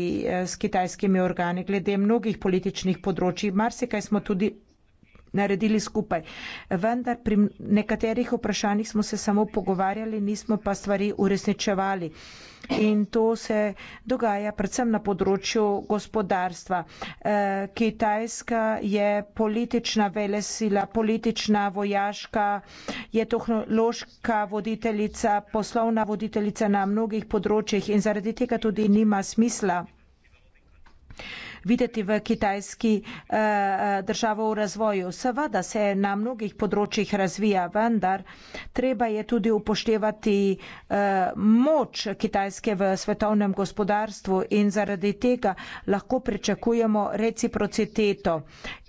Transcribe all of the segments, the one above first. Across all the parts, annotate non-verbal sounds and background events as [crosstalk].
Eh, s kitajskimi organi glede mnogih političnih področij. Marsikaj smo tudi naredili skupaj. Vendar pri nekaterih vprašanjih smo se samo pogovarjali, nismo pa stvari uresničevali. In to se dogaja predvsem na področju gospodarstva. E, Kitajska je politična velesila, politična, vojaška, je tehnološka voditeljica, poslovna voditeljica na mnogih področjih in zaradi tega tudi nima smisla videti v kitajski eh, eh, državo v razvoju. Seveda se na mnogih področjih razvija, vendar treba je tudi upoštevati eh, moč kitajske v svetovnem gospodarstvu in zaradi tega lahko pričakujemo reciprociteto.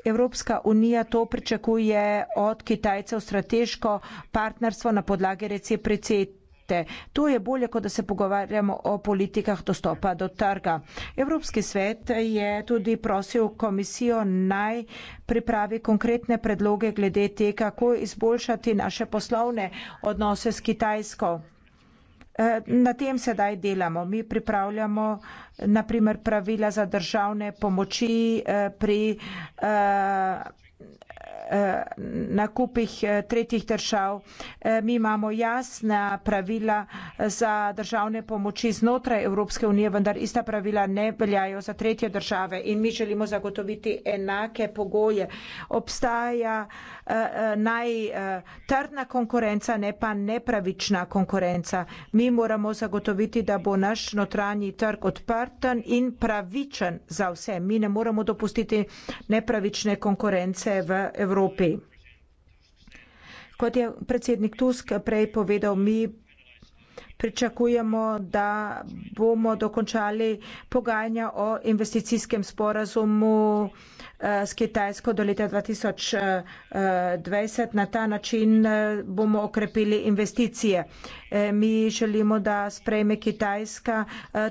Evropska unija to pričakuje od Kitajcev strateško partnerstvo na podlagi reciprocitete projekte. To je bolje, kot da se pogovarjamo o politikah dostopa do trga. Evropski svet je tudi prosil komisijo naj pripravi konkretne predloge glede te, kako izboljšati naše poslovne odnose s Kitajsko. Eh, na tem sedaj delamo. Mi pripravljamo naprimer pravila za državne pomoči eh, pri eh, Eh, nakupih eh, tretjih držav. Eh, mi imamo jasna pravila za državne pomoči znotraj Evropske unije, vendar ista pravila ne veljajo za tretje države in mi želimo zagotoviti enake pogoje. Obstaja Eh, eh, naj eh, trdna konkurenca, ne pa nepravična konkurenca. Mi moramo zagotoviti, da bo naš notranji trg odprten in pravičen za vse. Mi ne moramo dopustiti nepravične konkurence v Evropi. Kot je predsednik Tusk prej povedal, mi pričakujemo, da bomo dokončali pogajanja o investicijskem sporazumu eh, s Kitajsko do leta 2020. Eh, Na ta način eh, bomo okrepili investicije. Mi želimo, da sprejme Kitajska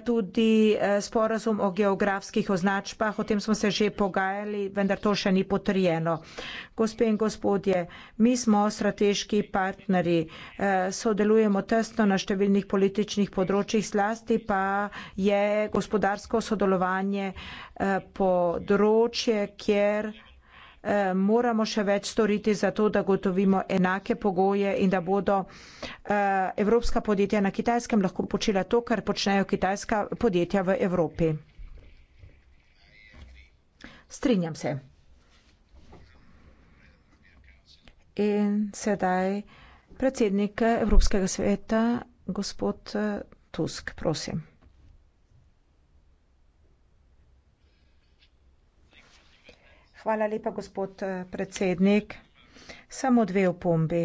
tudi sporazum o geografskih označbah. O tem smo se že pogajali, vendar to še ni potrjeno. Gospe in gospodje, mi smo strateški partnerji, eh, sodelujemo tesno na številnih političnih področjih, zlasti pa je gospodarsko sodelovanje eh, področje, kjer eh, moramo še več storiti za to, da gotovimo enake pogoje in da bodo evropska podjetja na kitajskem lahko počela to, kar počnejo kitajska podjetja v Evropi. Strinjam se. in sedaj predsednik Evropskega sveta, gospod Tusk, prosim. Hvala lepa, gospod predsednik. Samo dve opombi.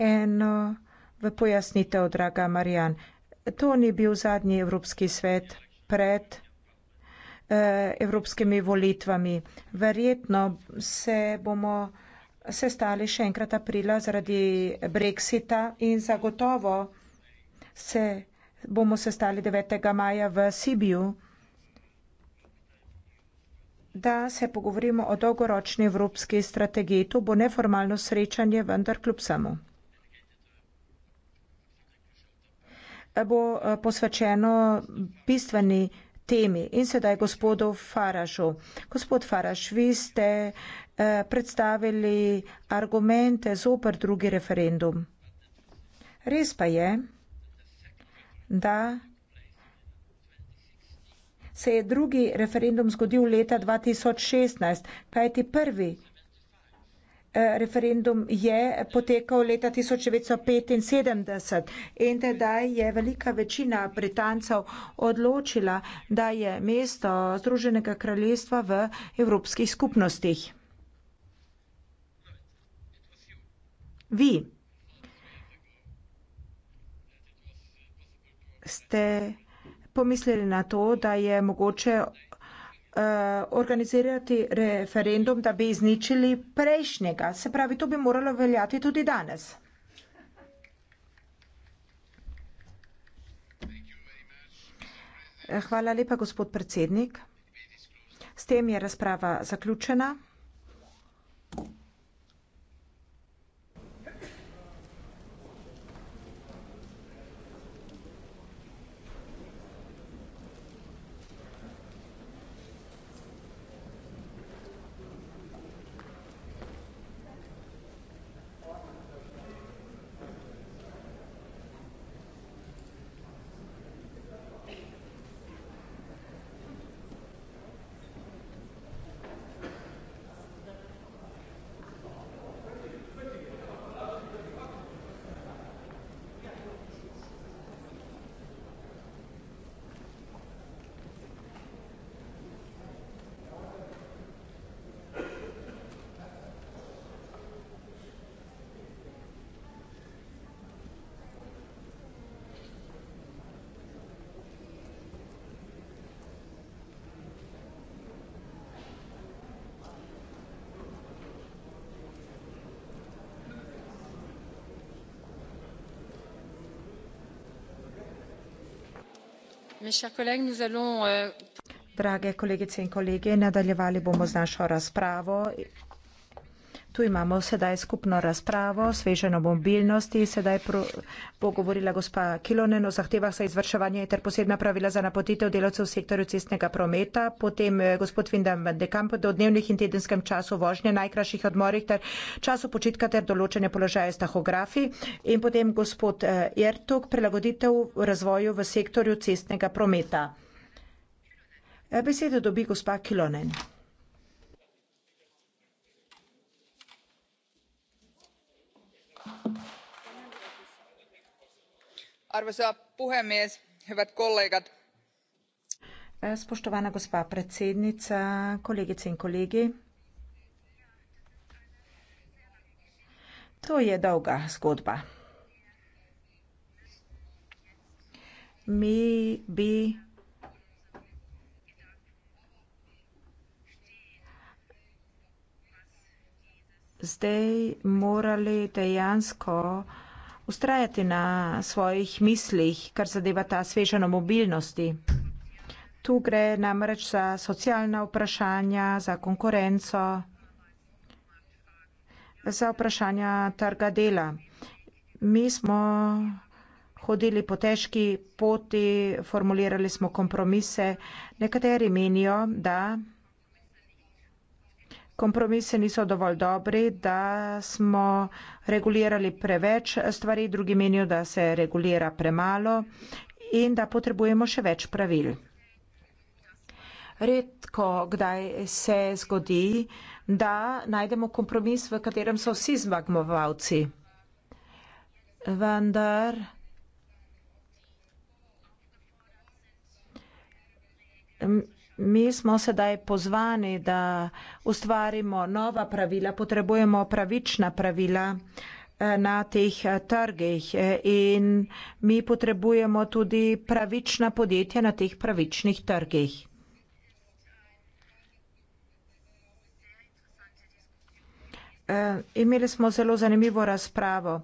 Eno v pojasnitev, draga Marjan. To ni bil zadnji Evropski svet pred Eh, evropskimi volitvami. Verjetno se bomo sestali še enkrat aprila zaradi Brexita in zagotovo se bomo sestali 9. maja v Sibiju, da se pogovorimo o dolgoročni evropski strategiji. To bo neformalno srečanje, vendar kljub samo. Bo eh, posvečeno bistveni temi in sedaj gospodu Faražu. Gospod Faraž, vi ste eh, predstavili argumente zoper drugi referendum. Res pa je, da se je drugi referendum zgodil leta 2016, kajti prvi Eh, referendum je potekal leta 1975 in tedaj je velika večina Britancev odločila, da je mesto Združenega kraljestva v evropskih skupnostih. Vi ste pomislili na to, da je mogoče Eh, organizirati referendum, da bi izničili prejšnjega. Se pravi, to bi moralo veljati tudi danes. Eh, hvala lepa, gospod predsednik. S tem je razprava zaključena. Euh, drage kolegice in kolegi nadaljevali bomo z našo razpravo in glasovanjem o amandmajih tu imamo sedaj skupno razpravo, svežen o mobilnosti. Sedaj bo govorila gospa Kilonen o zahtevah za izvrševanje ter posebna pravila za napotitev delavcev v sektorju cestnega prometa. Potem eh, gospod Vindam Dekamp do dnevnih in tedenskem času vožnje, najkrajših odmorih ter času počitka ter določene položaje stahografi. In potem gospod Jertuk, eh, prilagoditev razvoju v sektorju cestnega prometa. Eh, besedo dobi gospa Kilonen. arvoisa puhemies hyvät kollegat spoštovana gospa predsednica kolegice in kolegi to je dolga zgodba mi bi zdaj morali dejansko ustrajati na svojih mislih, kar zadeva ta svežano mobilnosti. Tu gre namreč za socialna vprašanja, za konkurenco, za vprašanja trga dela. Mi smo hodili po težki poti, formulirali smo kompromise. Nekateri menijo, da kompromise niso dovolj dobri, da smo regulirali preveč stvari, drugi menijo, da se regulira premalo in da potrebujemo še več pravil. Redko kdaj se zgodi, da najdemo kompromis, v katerem so vsi zmagmovalci. Vendar m, mi smo sedaj pozvani, da ustvarimo nova pravila, potrebujemo pravična pravila eh, na teh eh, trgih eh, in mi potrebujemo tudi pravična podjetja na teh pravičnih trgih. Imeli smo zelo zanimivo razpravo.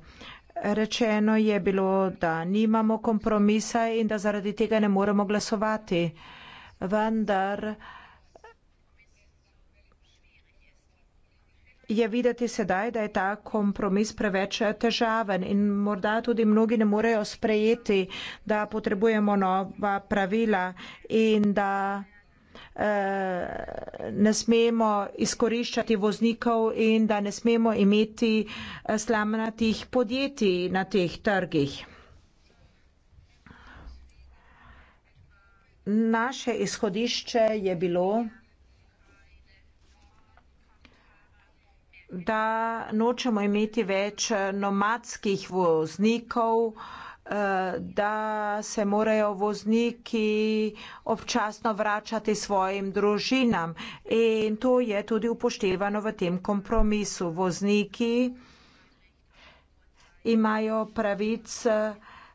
Rečeno je bilo, da nimamo kompromisa in da zaradi tega ne moremo glasovati vendar je videti sedaj, da je ta kompromis preveč težaven in morda tudi mnogi ne morejo sprejeti, da potrebujemo nova pravila in da eh, ne smemo izkoriščati voznikov in da ne smemo imeti eh, slamnatih podjetij na teh trgih. naše izhodišče je bilo, da nočemo imeti več nomadskih voznikov, eh, da se morajo vozniki občasno vračati svojim družinam in to je tudi upoštevano v tem kompromisu. Vozniki imajo pravico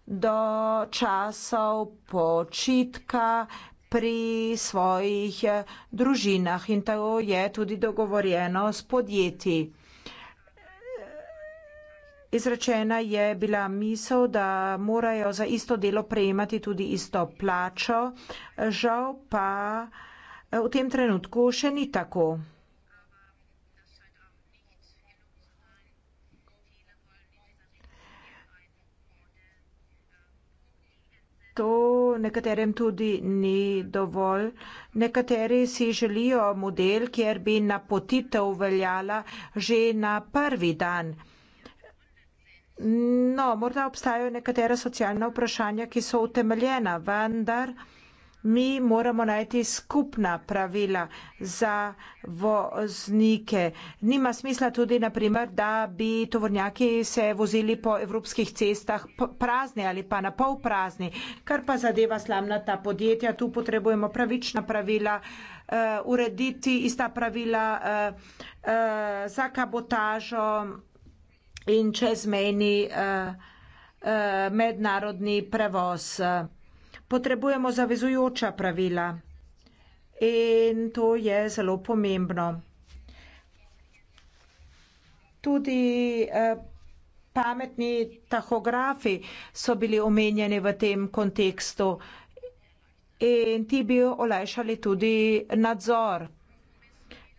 do časov počitka pri svojih eh, družinah in to je tudi dogovorjeno s podjetji. Izrečena je bila misel, da morajo za isto delo prejemati tudi isto plačo, žal pa eh, v tem trenutku še ni tako. to nekaterim tudi ni dovolj. Nekateri si želijo model, kjer bi napotitev veljala že na prvi dan. No, morda obstajajo nekatera socialna vprašanja, ki so utemeljena, vendar mi moramo najti skupna pravila za voznike. Nima smisla tudi, naprimer, da bi tovornjaki se vozili po evropskih cestah prazni ali pa na pol prazni. Kar pa zadeva slamnata podjetja, tu potrebujemo pravična pravila, uh, urediti ista pravila uh, uh, za kabotažo in čezmejni uh, uh, mednarodni prevoz. Uh potrebujemo zavezujoča pravila. In to je zelo pomembno. Tudi eh, pametni tahografi so bili omenjeni v tem kontekstu in ti bi olajšali tudi nadzor.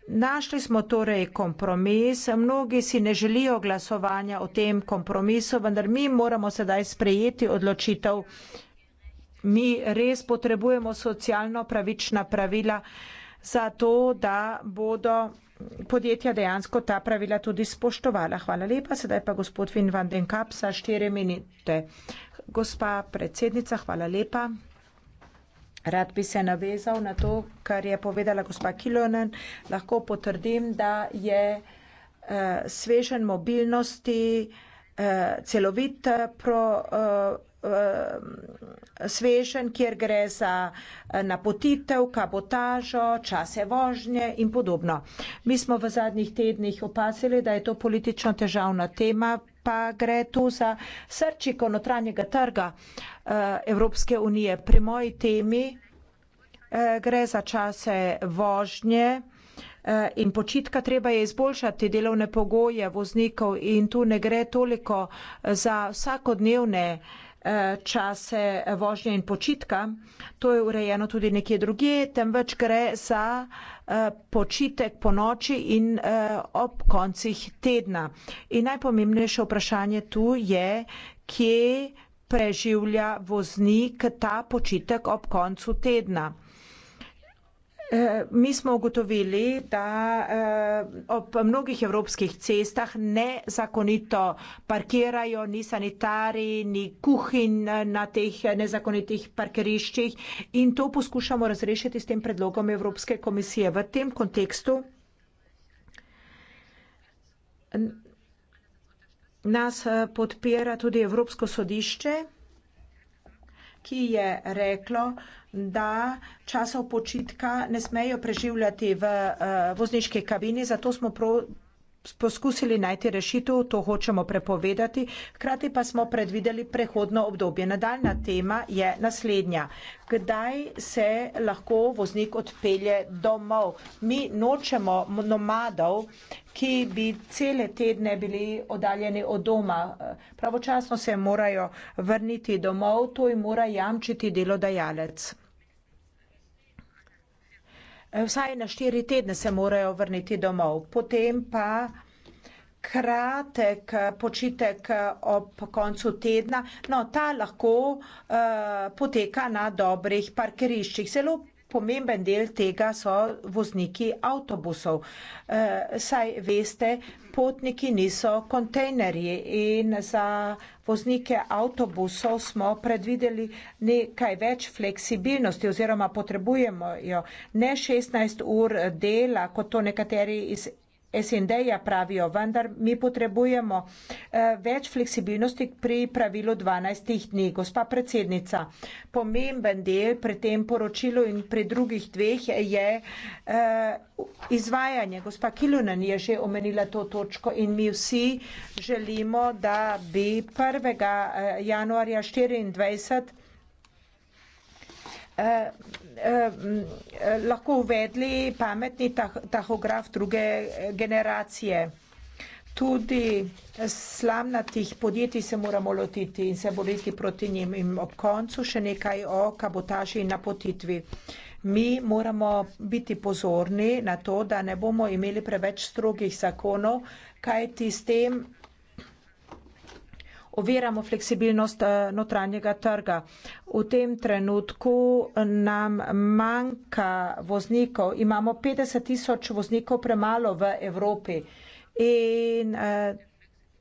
Našli smo torej kompromis, mnogi si ne želijo glasovanja o tem kompromisu, vendar mi moramo sedaj sprejeti odločitev mi res potrebujemo socialno pravična pravila za to, da bodo podjetja dejansko ta pravila tudi spoštovala. Hvala lepa. Sedaj pa gospod Vin van den Kap za štiri minute. Gospa predsednica, hvala lepa. Rad bi se navezal na to, kar je povedala gospa Kilonen. Lahko potrdim, da je eh, svežen mobilnosti eh, celovit eh, pro, Eh, svežen, kjer gre za eh, napotitev, kabotažo, čase vožnje in podobno. Mi smo v zadnjih tednih opazili, da je to politično težavna tema, pa gre tu za srčiko notranjega trga eh, Evropske unije. Pri moji temi gre za čase vožnje in počitka, treba je izboljšati delovne pogoje voznikov in tu ne gre toliko za vsakodnevne čase vožnje in počitka. To je urejeno tudi nekje drugje, temveč gre za eh, počitek po noči in eh, ob koncih tedna. In najpomembnejše vprašanje tu je, kje preživlja voznik ta počitek ob koncu tedna. Eh, mi smo ugotovili, da eh, ob mnogih evropskih cestah nezakonito parkirajo ni sanitari, ni kuhin eh, na teh nezakonitih parkiriščih in to poskušamo razrešiti s tem predlogom Evropske komisije. V tem kontekstu nas podpira tudi Evropsko sodišče, ki je reklo, da časov počitka ne smejo preživljati v uh, vozniški kabini, zato smo pro, poskusili najti rešitev, to hočemo prepovedati. Hkrati pa smo predvideli prehodno obdobje. Nadaljna tema je naslednja. Kdaj se lahko voznik odpelje domov? Mi nočemo nomadov, ki bi cele tedne bili odaljeni od doma. Pravočasno se morajo vrniti domov, to jim mora jamčiti delodajalec vsaj na štiri tedne se morajo vrniti domov, potem pa kratek eh, počitek eh, ob koncu tedna, no ta lahko uh, poteka na dobrih parkiriščih. Zelo pomemben del tega so vozniki avtobusov. Uh, saj veste, potniki niso kontejnerji in za voznike avtobusov smo predvideli nekaj več fleksibilnosti oziroma potrebujemo jo ne 16 ur dela, kot to nekateri iz SND-ja pravijo, vendar mi potrebujemo eh, več fleksibilnosti pri pravilu 12 dni. Gospa predsednica, pomemben del pri tem poročilu in pri drugih dveh je eh, izvajanje. Gospa Kilunen je že omenila to točko in mi vsi želimo, da bi 1. Eh, januarja 2024 Eh, eh, lahko uvedli pametni tahograf druge generacije. Tudi slamnatih podjetij se moramo lotiti in se boriti proti njim. In ob koncu še nekaj o kabotaži in napotitvi. Mi moramo biti pozorni na to, da ne bomo imeli preveč strogih zakonov, kajti s tem oviramo fleksibilnost eh, notranjega trga. V tem trenutku nam manjka voznikov, imamo 50 tisoč voznikov premalo v Evropi in eh,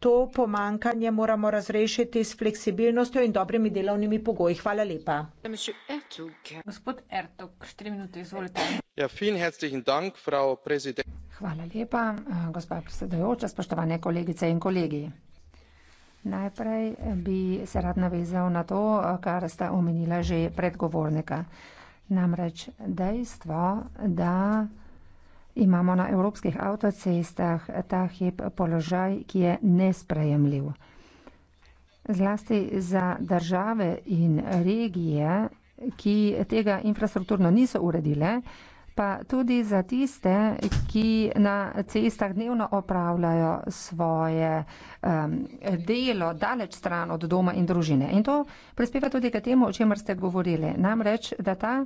to pomankanje moramo razrešiti s fleksibilnostjo in dobrimi delovnimi pogoji. Hvala lepa. Gospod Ertug, štiri minute, izvolite. Ja, fin, herzlichen Dank, frau Präsident. Hvala lepa, eh, gospa predsedujoča, spoštovane kolegice in kolegi. Najprej bi se rad navezal na to, kar sta omenila že predgovornika. Namreč dejstvo, da imamo na evropskih avtocestah ta hip položaj, ki je nesprejemljiv. Zlasti za države in regije, ki tega infrastrukturno niso uredile, pa tudi za tiste, ki na cestah dnevno opravljajo svoje um, delo daleč stran od doma in družine. In to prispeva tudi k temu, o čemer ste govorili. Namreč, da ta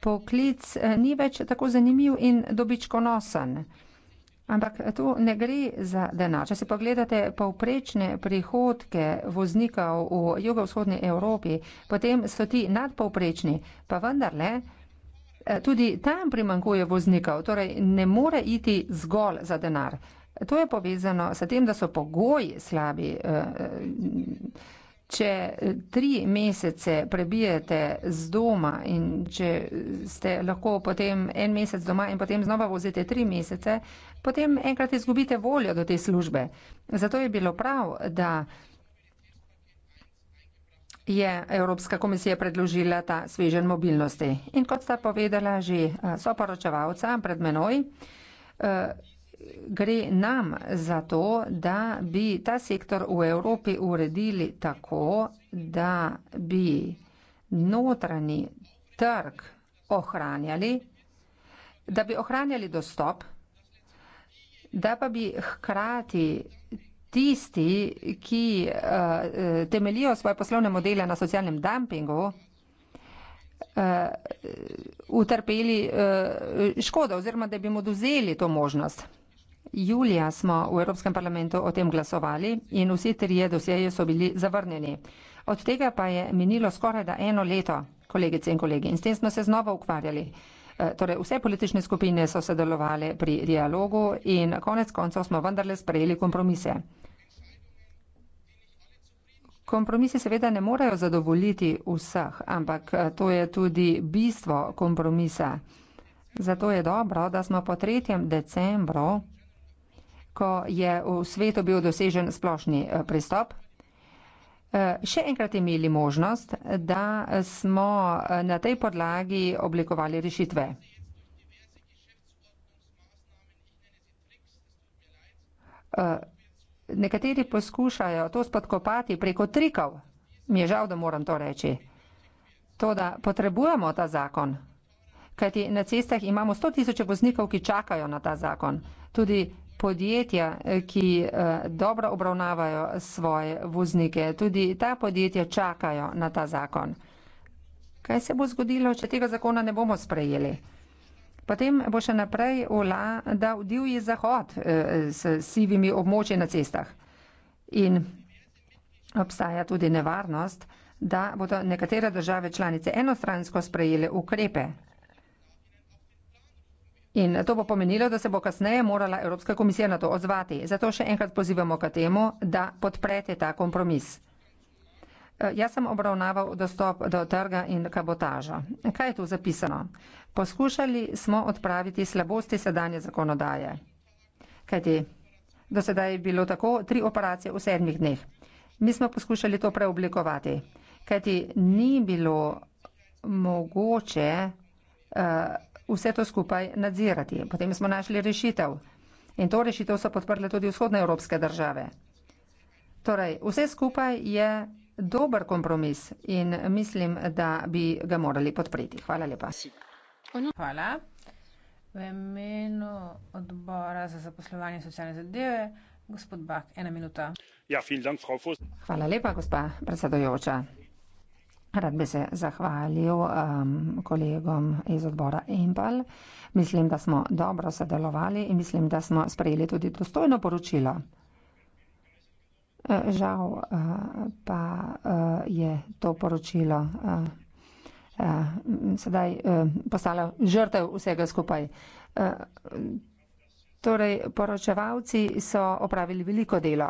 poklic eh, ni več tako zanimiv in dobičkonosen. Ampak eh, tu ne gre za denar. Če si pogledate povprečne prihodke voznikov v jugovzhodni Evropi, potem so ti nadpovprečni, pa vendarle. Eh, tudi tam primankuje voznikov, torej ne more iti zgolj za denar. To je povezano s tem, da so pogoji slabi. Eh, če tri mesece prebijete z doma in če ste lahko potem en mesec doma in potem znova vozite tri mesece, potem enkrat izgubite voljo do te službe. Zato je bilo prav, da je Evropska komisija predložila ta svežen mobilnosti. In kot sta povedala že eh, soporočevalca pred menoj, eh, gre nam za to, da bi ta sektor v Evropi uredili tako, da bi notranji trg ohranjali, da bi ohranjali dostop, da pa bi hkrati tisti, ki uh, temelijo svoje poslovne modele na socialnem dumpingu, uh, utrpeli uh, škodo oziroma, da bi mu oduzeli to možnost. Julija smo v Evropskem parlamentu o tem glasovali in vsi trije dosjeje so bili zavrnjeni. Od tega pa je minilo skoraj da eno leto, kolegice in kolegi, in s tem smo se znova ukvarjali. Torej, vse politične skupine so sodelovali pri dialogu in konec koncev smo vendarle sprejeli kompromise. Kompromisi seveda ne morejo zadovoljiti vseh, ampak eh, to je tudi bistvo kompromisa. Zato je dobro, da smo po 3. decembru, ko je v svetu bil dosežen splošni eh, pristop, eh, še enkrat imeli možnost, da smo na tej podlagi oblikovali rešitve. Uh, nekateri poskušajo to spodkopati preko trikov. Mi je žal, da moram to reči. To, da potrebujemo ta zakon, kajti na cestah imamo 100 tisoče voznikov, ki čakajo na ta zakon. Tudi podjetja, ki eh, dobro obravnavajo svoje voznike, tudi ta podjetja čakajo na ta zakon. Kaj se bo zgodilo, če tega zakona ne bomo sprejeli? Potem bo še naprej vladal divji zahod eh, s sivimi območji na cestah. In obstaja tudi nevarnost, da bodo nekatere države članice enostransko sprejele ukrepe. In to bo pomenilo, da se bo kasneje morala Evropska komisija na to odzvati. Zato še enkrat pozivamo k temu, da podprete ta kompromis. Eh, jaz sem obravnaval dostop do trga in kabotaža. Kaj je tu zapisano? Poskušali smo odpraviti slabosti sedanje zakonodaje. Kajti, do sedaj je bilo tako tri operacije v sedmih dneh. Mi smo poskušali to preoblikovati. Kajti, ni bilo mogoče uh, vse to skupaj nadzirati. Potem smo našli rešitev. In to rešitev so podprle tudi vzhodne evropske države. Torej, vse skupaj je dober kompromis in mislim, da bi ga morali podpreti. Hvala lepa. Hvala. V imenu odbora za zaposlovanje in socialne zadeve, gospod Bak, ena minuta. Ja, dank, Frau Hvala lepa, gospa predsedojoča. Rad bi se zahvalil um, kolegom iz odbora Impal. Mislim, da smo dobro sodelovali in mislim, da smo sprejeli tudi dostojno poročilo. Eh, žal uh, pa uh, je to poročilo. Uh, Eh, sedaj eh, postala žrtev vsega skupaj. Eh, torej, poročevalci so opravili veliko delo.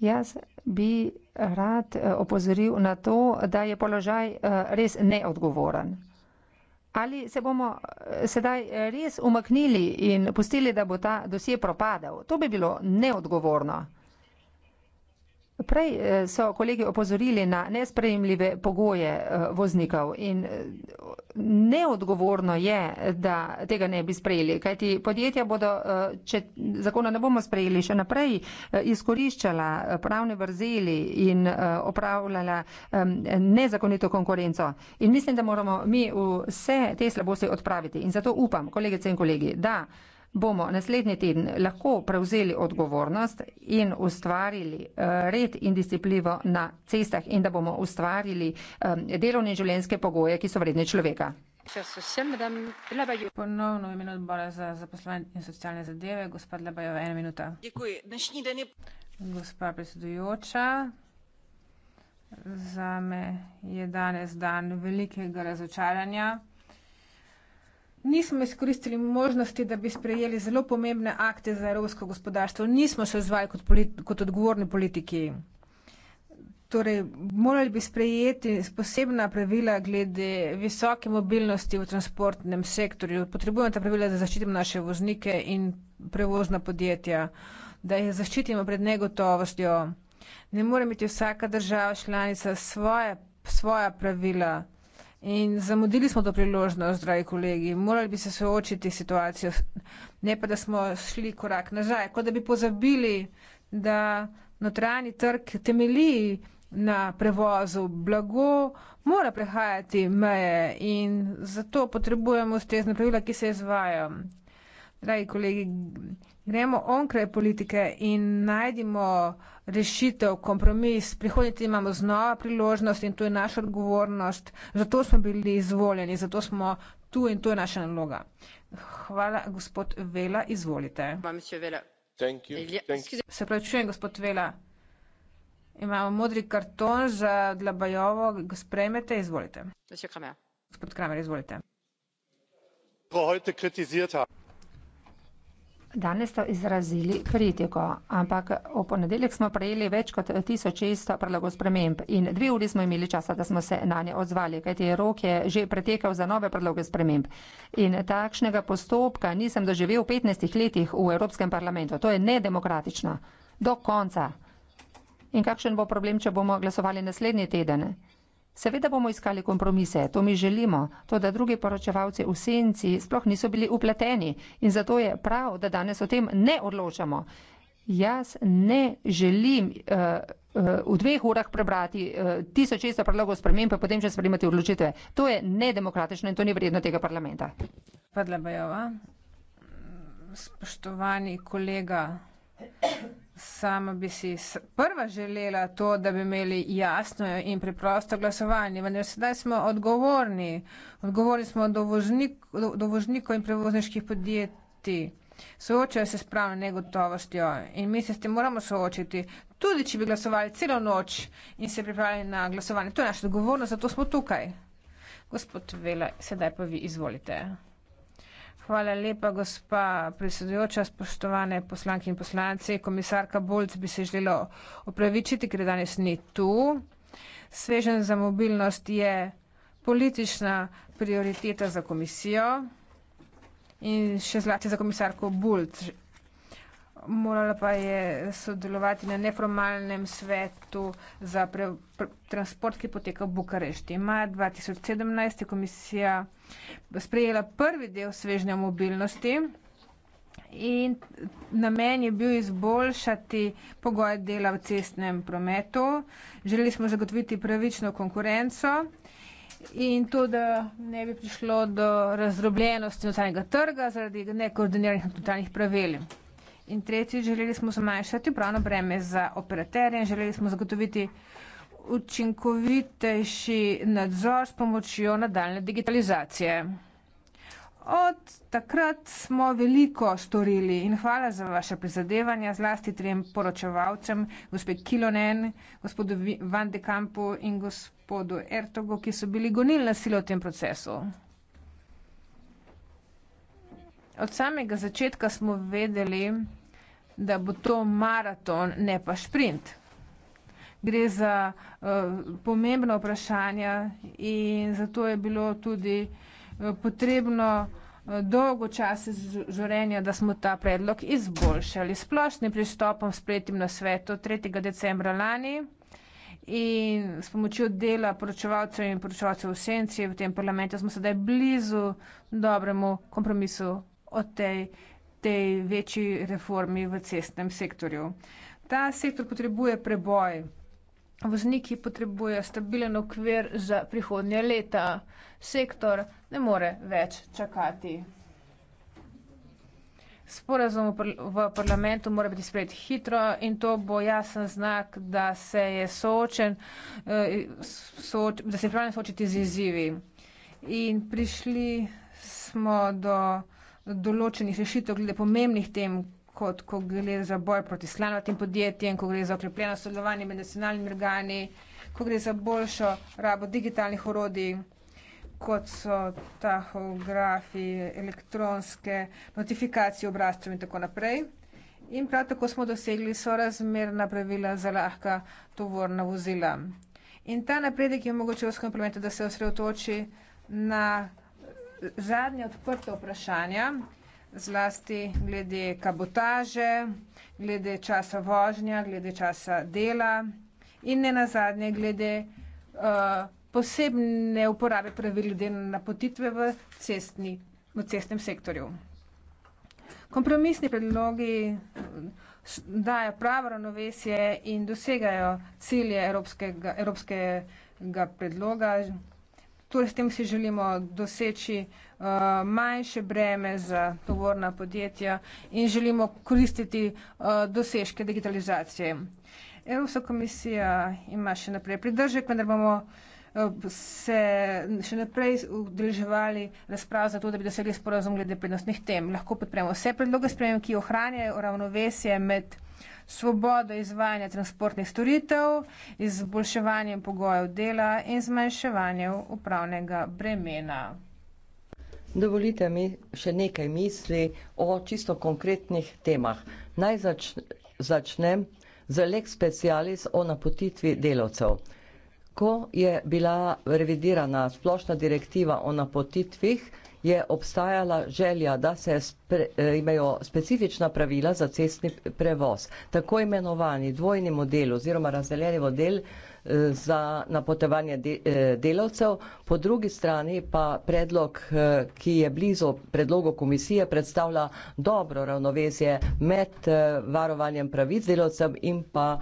Jaz bi rad opozoril na to, da je položaj res neodgovoren. Ali se bomo sedaj res umaknili in pustili, da bo ta dosje propadal? To bi bilo neodgovorno. Prej eh, so kolegi opozorili na nesprejemljive pogoje eh, voznikov in eh, neodgovorno je, da tega ne bi sprejeli, kajti podjetja bodo, če zakona ne bomo sprejeli, še naprej izkoriščala pravne vrzeli in opravljala nezakonito konkurenco. In mislim, da moramo mi vse te slabosti odpraviti. In zato upam, kolegice in kolegi, da bomo naslednji teden lahko prevzeli odgovornost in ustvarili eh, red in disciplino na cestah in da bomo ustvarili eh, delovne in življenjske pogoje, ki so vredne človeka. Ponovno v imenu odbora za zaposlovanje in socialne zadeve, gospod Lebajo, ena minuta. Gospa predsedujoča, zame je danes dan velikega razočaranja. Nismo izkoristili možnosti, da bi sprejeli zelo pomembne akte za evropsko gospodarstvo. Nismo se odzvali kot, politi kot odgovorni politiki. Torej, morali bi sprejeti posebna pravila glede visoke mobilnosti v transportnem sektorju. Potrebujemo ta pravila, da zaščitimo naše voznike in prevozna podjetja, da jih zaščitimo pred negotovostjo. Ne more imeti vsaka država članica svoje, svoja pravila. In zamudili smo to priložnost, dragi kolegi. Morali bi se soočiti s situacijo, ne pa da smo šli korak nazaj, kot da bi pozabili, da notranji trg temelji na prevozu blago, mora prehajati meje in zato potrebujemo ustrezna pravila, ki se izvajo. Dragi kolegi, Gremo onkraj politike in najdimo rešitev, kompromis. Prihodnjiti imamo znova priložnost in to je naša odgovornost. Zato smo bili izvoljeni, zato smo tu in to je naša naloga. Hvala, gospod Vela, izvolite. Se pravičujem, gospod Vela. Imamo modri karton za Dlabajovo, ga sprejmete, izvolite. Gospod Kramer, izvolite. Danes so izrazili kritiko, ampak v ponedeljek smo prejeli več kot 1600 predlogov sprememb in dve uri smo imeli časa, da smo se na nje odzvali, kajti rok je že pretekel za nove predloge sprememb. In takšnega postopka nisem doživel v 15 letih v Evropskem parlamentu. To je nedemokratično. Do konca. In kakšen bo problem, če bomo glasovali naslednji teden? Seveda bomo iskali kompromise, to mi želimo, to, da drugi poročevalci v senci sploh niso bili upleteni in zato je prav, da danes o tem ne odločamo. Jaz ne želim uh, uh, v dveh urah prebrati uh, eh, 1600 predlogov sprememb, pa potem še sprejemati odločitve. To je nedemokratično in to ni vredno tega parlamenta. Padla Bajova, spoštovani kolega sama bi si prva želela to, da bi imeli jasno in preprosto glasovanje, vendar sedaj smo odgovorni. Odgovorni smo do vožnikov in prevozniških podjetij. Soočajo se s pravno negotovostjo in mi se s tem moramo soočiti, tudi če bi glasovali celo noč in se pripravili na glasovanje. To je naša odgovornost, zato smo tukaj. Gospod Vela, sedaj pa vi izvolite. Hvala lepa, gospa predsedujoča, spoštovane poslanke in poslanci. Komisarka Bolc bi se želela opravičiti, ker danes ni tu. Svežen za mobilnost je politična prioriteta za komisijo in še zlasti za komisarko Bolc morala pa je sodelovati na neformalnem svetu za pre, pre, transport, ki poteka v Bukarešti. Maja 2017 je komisija sprejela prvi del svežnja mobilnosti in namen je bil izboljšati pogoje dela v cestnem prometu. Želeli smo zagotoviti pravično konkurenco. In to, da ne bi prišlo do razdrobljenosti notranjega trga zaradi nekoordiniranih notranjih pravil. In tretjič, želeli smo zmanjšati upravno breme za operaterje in želeli smo zagotoviti učinkovitejši nadzor s pomočjo nadaljne digitalizacije. Od takrat smo veliko storili in hvala za vaše prizadevanja, zlasti trem poročevalcem, gospe Kilonen, gospodu Van de Kampu in gospodu Ertogu, ki so bili gonilna sila v tem procesu. Od samega začetka smo vedeli, da bo to maraton, ne pa sprint. Gre za uh, pomembna vprašanja in zato je bilo tudi eh, potrebno eh, dolgo časa žurenja, da smo ta predlog izboljšali. Splošnim pristopom spletim na svetu 3. decembra lani in s pomočjo dela poročevalcev in poročevalcev v senci v tem parlamentu smo sedaj blizu dobremu kompromisu o tej uh, tej večji reformi v cestnem sektorju. Ta sektor potrebuje preboj. Vozniki potrebuje stabilen okvir za prihodnje leta. Sektor ne more več čakati. Sporazum v parlamentu mora biti sprejet hitro in to bo jasen znak, da se je soočen, eh, da se je pripravljen soočiti z izzivi. In prišli smo do določenih rešitev glede pomembnih tem, kot ko gre za boj proti slanovatim podjetjem, ko gre za okrepljeno sodelovanje med nacionalnimi organi, ko gre za boljšo rabo digitalnih orodij, kot so tahografi, elektronske notifikacije obrazcev in tako naprej. In prav tako smo dosegli sorazmerna pravila za lahka tovorna vozila. In ta napredek je omogočil skomplementu, da se osredotoči na zadnje odprto vprašanje, zlasti glede kabotaže, glede časa vožnja, glede časa dela in ne nazadnje glede uh, posebne uporabe pravil glede napotitve v, cestni, v cestnem sektorju. Kompromisni predlogi dajo pravo ravnovesje in dosegajo cilje evropskega, evropskega predloga, Torej, s tem si želimo doseči uh, manjše breme za tovorna podjetja in želimo koristiti uh, dosežke digitalizacije. Evropska komisija ima še naprej pridržek, vendar bomo eh, se še naprej udeleževali razprav za to, da bi dosegli sporozum glede prednostnih tem. Lahko podpremo vse predloge sprejem, ki ohranjajo ravnovesje med svobodo izvajanja transportnih storitev, izboljševanje pogojev dela in zmanjševanje upravnega bremena. Dovolite mi še nekaj misli o čisto konkretnih temah. Naj zač, začnem z lex specialis o napotitvi delavcev. Ko je bila revidirana splošna direktiva o napotitvih je obstajala želja, da se spre, eh, imajo specifična pravila za cestni prevoz. Tako imenovani dvojni model oziroma razdeljeni model eh, za napotevanje eh, delavcev, po drugi strani pa predlog, ki je blizu predlogu komisije, predstavlja dobro ravnovesje med varovanjem pravic delavcem in pa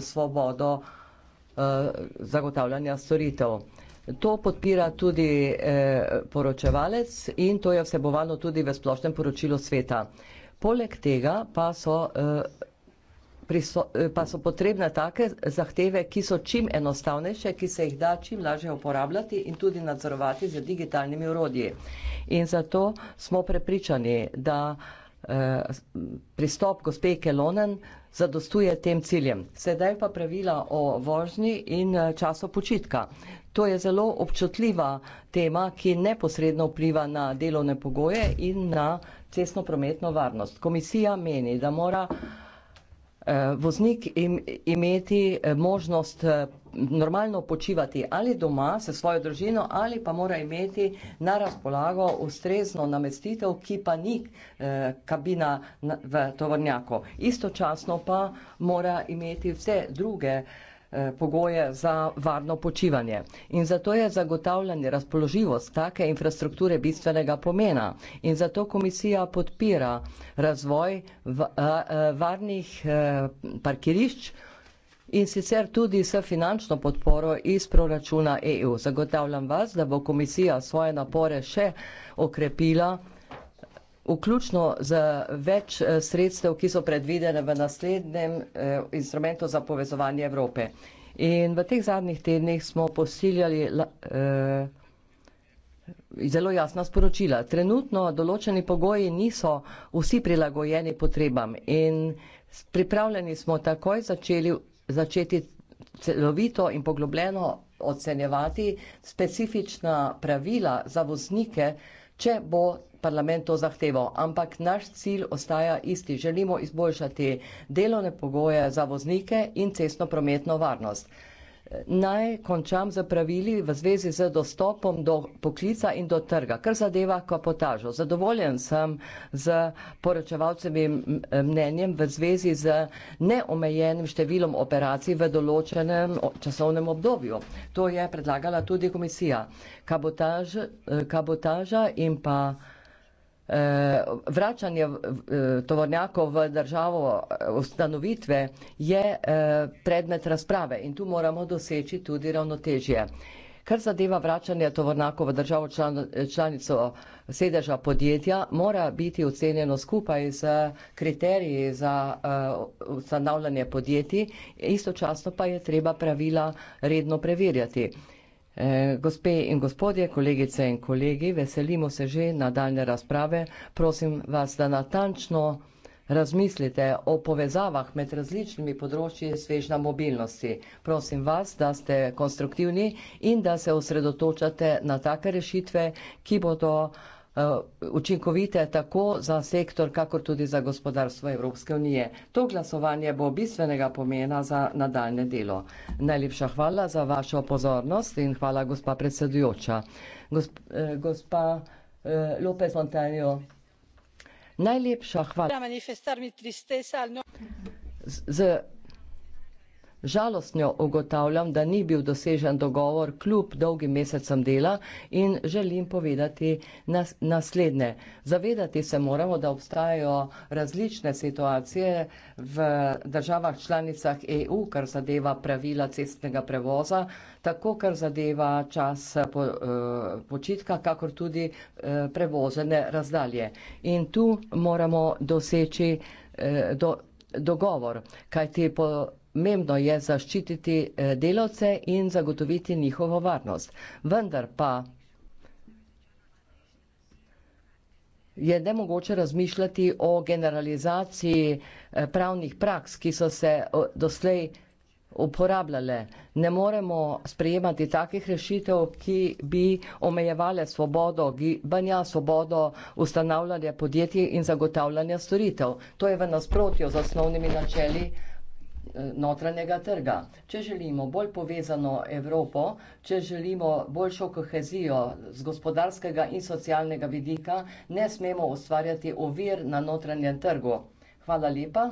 svobodo zagotavljanja storitev. To podpira tudi eh, poročevalec in to je vsebovano tudi v splošnem poročilu sveta. Poleg tega pa so, eh, priso, eh, pa so potrebne take zahteve, ki so čim enostavnejše, ki se jih da čim lažje uporabljati in tudi nadzorovati z digitalnimi urodji. In zato smo prepričani, da eh, pristop gospe Kelonen zadostuje tem ciljem. Sedaj pa pravila o vožnji in eh, času počitka. To je zelo občutljiva tema, ki neposredno vpliva na delovne pogoje in na cestno prometno varnost. Komisija meni, da mora eh, voznik imeti eh, možnost eh, normalno počivati ali doma se svojo družino ali pa mora imeti na razpolago ustrezno namestitev, ki pa ni kabina v tovornjaku. Istočasno pa mora imeti vse druge Eh, pogoje za varno počivanje. In zato je zagotavljanje razpoložljivost take infrastrukture bistvenega pomena. In zato komisija podpira razvoj eh, eh, varnih parkirišč in sicer tudi s finančno podporo iz proračuna EU. Zagotavljam vas, da bo komisija svoje napore še okrepila vključno z več eh, sredstev, ki so predvidene v naslednjem eh, instrumentu za povezovanje Evrope. In v teh zadnjih tednih smo posiljali eh, zelo jasna sporočila. Trenutno določeni pogoji niso vsi prilagojeni potrebam in pripravljeni smo takoj začeli, začeti celovito in poglobljeno ocenjevati specifična pravila za voznike, eh, če bo parlament to zahteval. Ampak naš cilj ostaja isti. Želimo izboljšati delovne pogoje za voznike in cestno prometno varnost. Naj končam za pravili v zvezi z dostopom do poklica in do trga, kar zadeva kapotažo. Zadovoljen sem z poročevalcevim mnenjem v zvezi z neomejenim številom operacij v določenem časovnem obdobju. To je predlagala tudi komisija. Kabotaž, eh, kabotaža in pa. Eh, vračanje eh, tovornjakov v državo eh, ustanovitve je predmet razprave in tu moramo doseči tudi ravnotežje. Kar zadeva vračanje tovornjakov v državo član, članico sedeža podjetja, mora biti ocenjeno skupaj z kriteriji za uh, ustanavljanje podjetij, istočasno pa je treba pravila redno preverjati. Uh, Eh, gospe in gospodje, kolegice in kolegi, veselimo se že nadaljne razprave. Prosim vas, da natančno razmislite o povezavah med različnimi področji svežna mobilnosti. Prosim vas, da ste konstruktivni in da se osredotočate na take rešitve, ki bodo. Eh, učinkovite tako za sektor, kako tudi za gospodarstvo Evropske unije. To glasovanje bo bistvenega pomena za nadaljne delo. Najlepša hvala za vašo pozornost in hvala, gospa predsedujoča. Gosp, eh, gospa eh, Lopez Montanjo, najlepša hvala. No z, z Žalostno ugotavljam, da ni bil dosežen dogovor kljub dolgim mesecem dela in želim povedati nas, naslednje. Zavedati se moramo, da obstajajo različne situacije v državah članicah EU, kar zadeva pravila cestnega prevoza, tako kar zadeva čas po, eh, počitka, kakor tudi eh, prevozene razdalje. In tu moramo doseči eh, do, dogovor, kajti po Pomembno je zaščititi eh, delavce in zagotoviti njihovo varnost. Vendar pa je nemogoče razmišljati o generalizaciji eh, pravnih praks, ki so se doslej uporabljale. Ne moremo sprejemati takih rešitev, ki bi omejevale svobodo gibanja, svobodo ustanavljanja podjetij in zagotavljanja storitev. To je v nasprotju z osnovnimi načeli Eh, notranjega trga. Če želimo bolj povezano Evropo, če želimo boljšo kohezijo z gospodarskega in socialnega vidika, ne smemo ustvarjati ovir na notranjem trgu. Hvala lepa.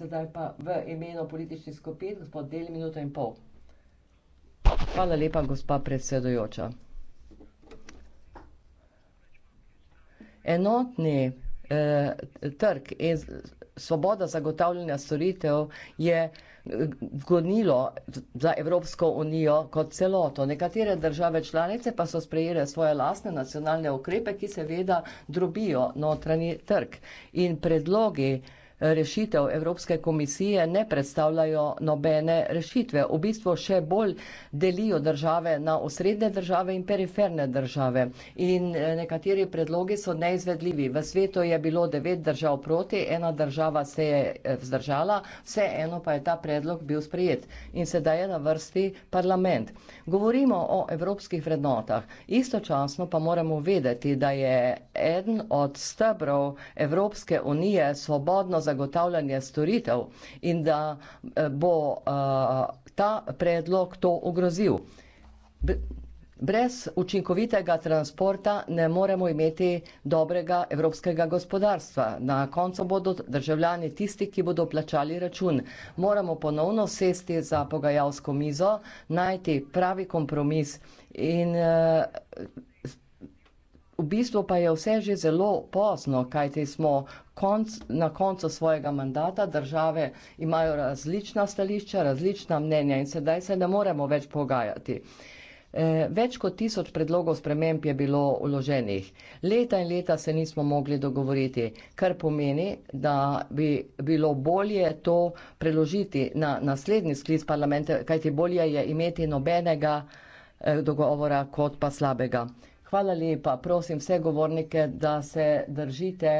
Sedaj pa v imenu političnih skupin, gospod Del, minuto in pol. Hvala lepa, gospa predsedujoča. Enotni Eh, trg in svoboda zagotavljanja storitev je eh, gonilo za Evropsko unijo kot celoto. Nekatere države članice pa so sprejele svoje lastne nacionalne ukrepe, ki seveda drobijo notranji trg. In predlogi eh, rešitev Evropske komisije ne predstavljajo nobene rešitve. V bistvu še bolj delijo države na osrednje države in periferne države. In eh, nekateri predlogi so neizvedljivi. V svetu je bilo devet držav proti, ena država se je eh, vzdržala, vseeno pa je ta predlog bil sprejet in sedaj je na vrsti parlament. Govorimo o evropskih vrednotah. Istočasno pa moramo vedeti, da je eden od stebrov Evropske unije svobodno zagotavljanje storitev in da eh, bo eh, ta predlog to ogrozil. Brez učinkovitega transporta ne moremo imeti dobrega evropskega gospodarstva. Na koncu bodo državljani tisti, ki bodo plačali račun. Moramo ponovno sesti za pogajalsko mizo, najti pravi kompromis in eh, V bistvu pa je vse že zelo pozno, kajte smo konc, na koncu svojega mandata, države imajo različna stališča, različna mnenja in sedaj se ne moremo več pogajati. E, več kot tisoč predlogov sprememb je bilo uloženih. Leta in leta se nismo mogli dogovoriti, kar pomeni, da bi bilo bolje to preložiti na naslednji sklic parlamenta, kajte bolje je imeti nobenega e, dogovora kot pa slabega. Hvala lepa. Prosim vse govornike, da se držite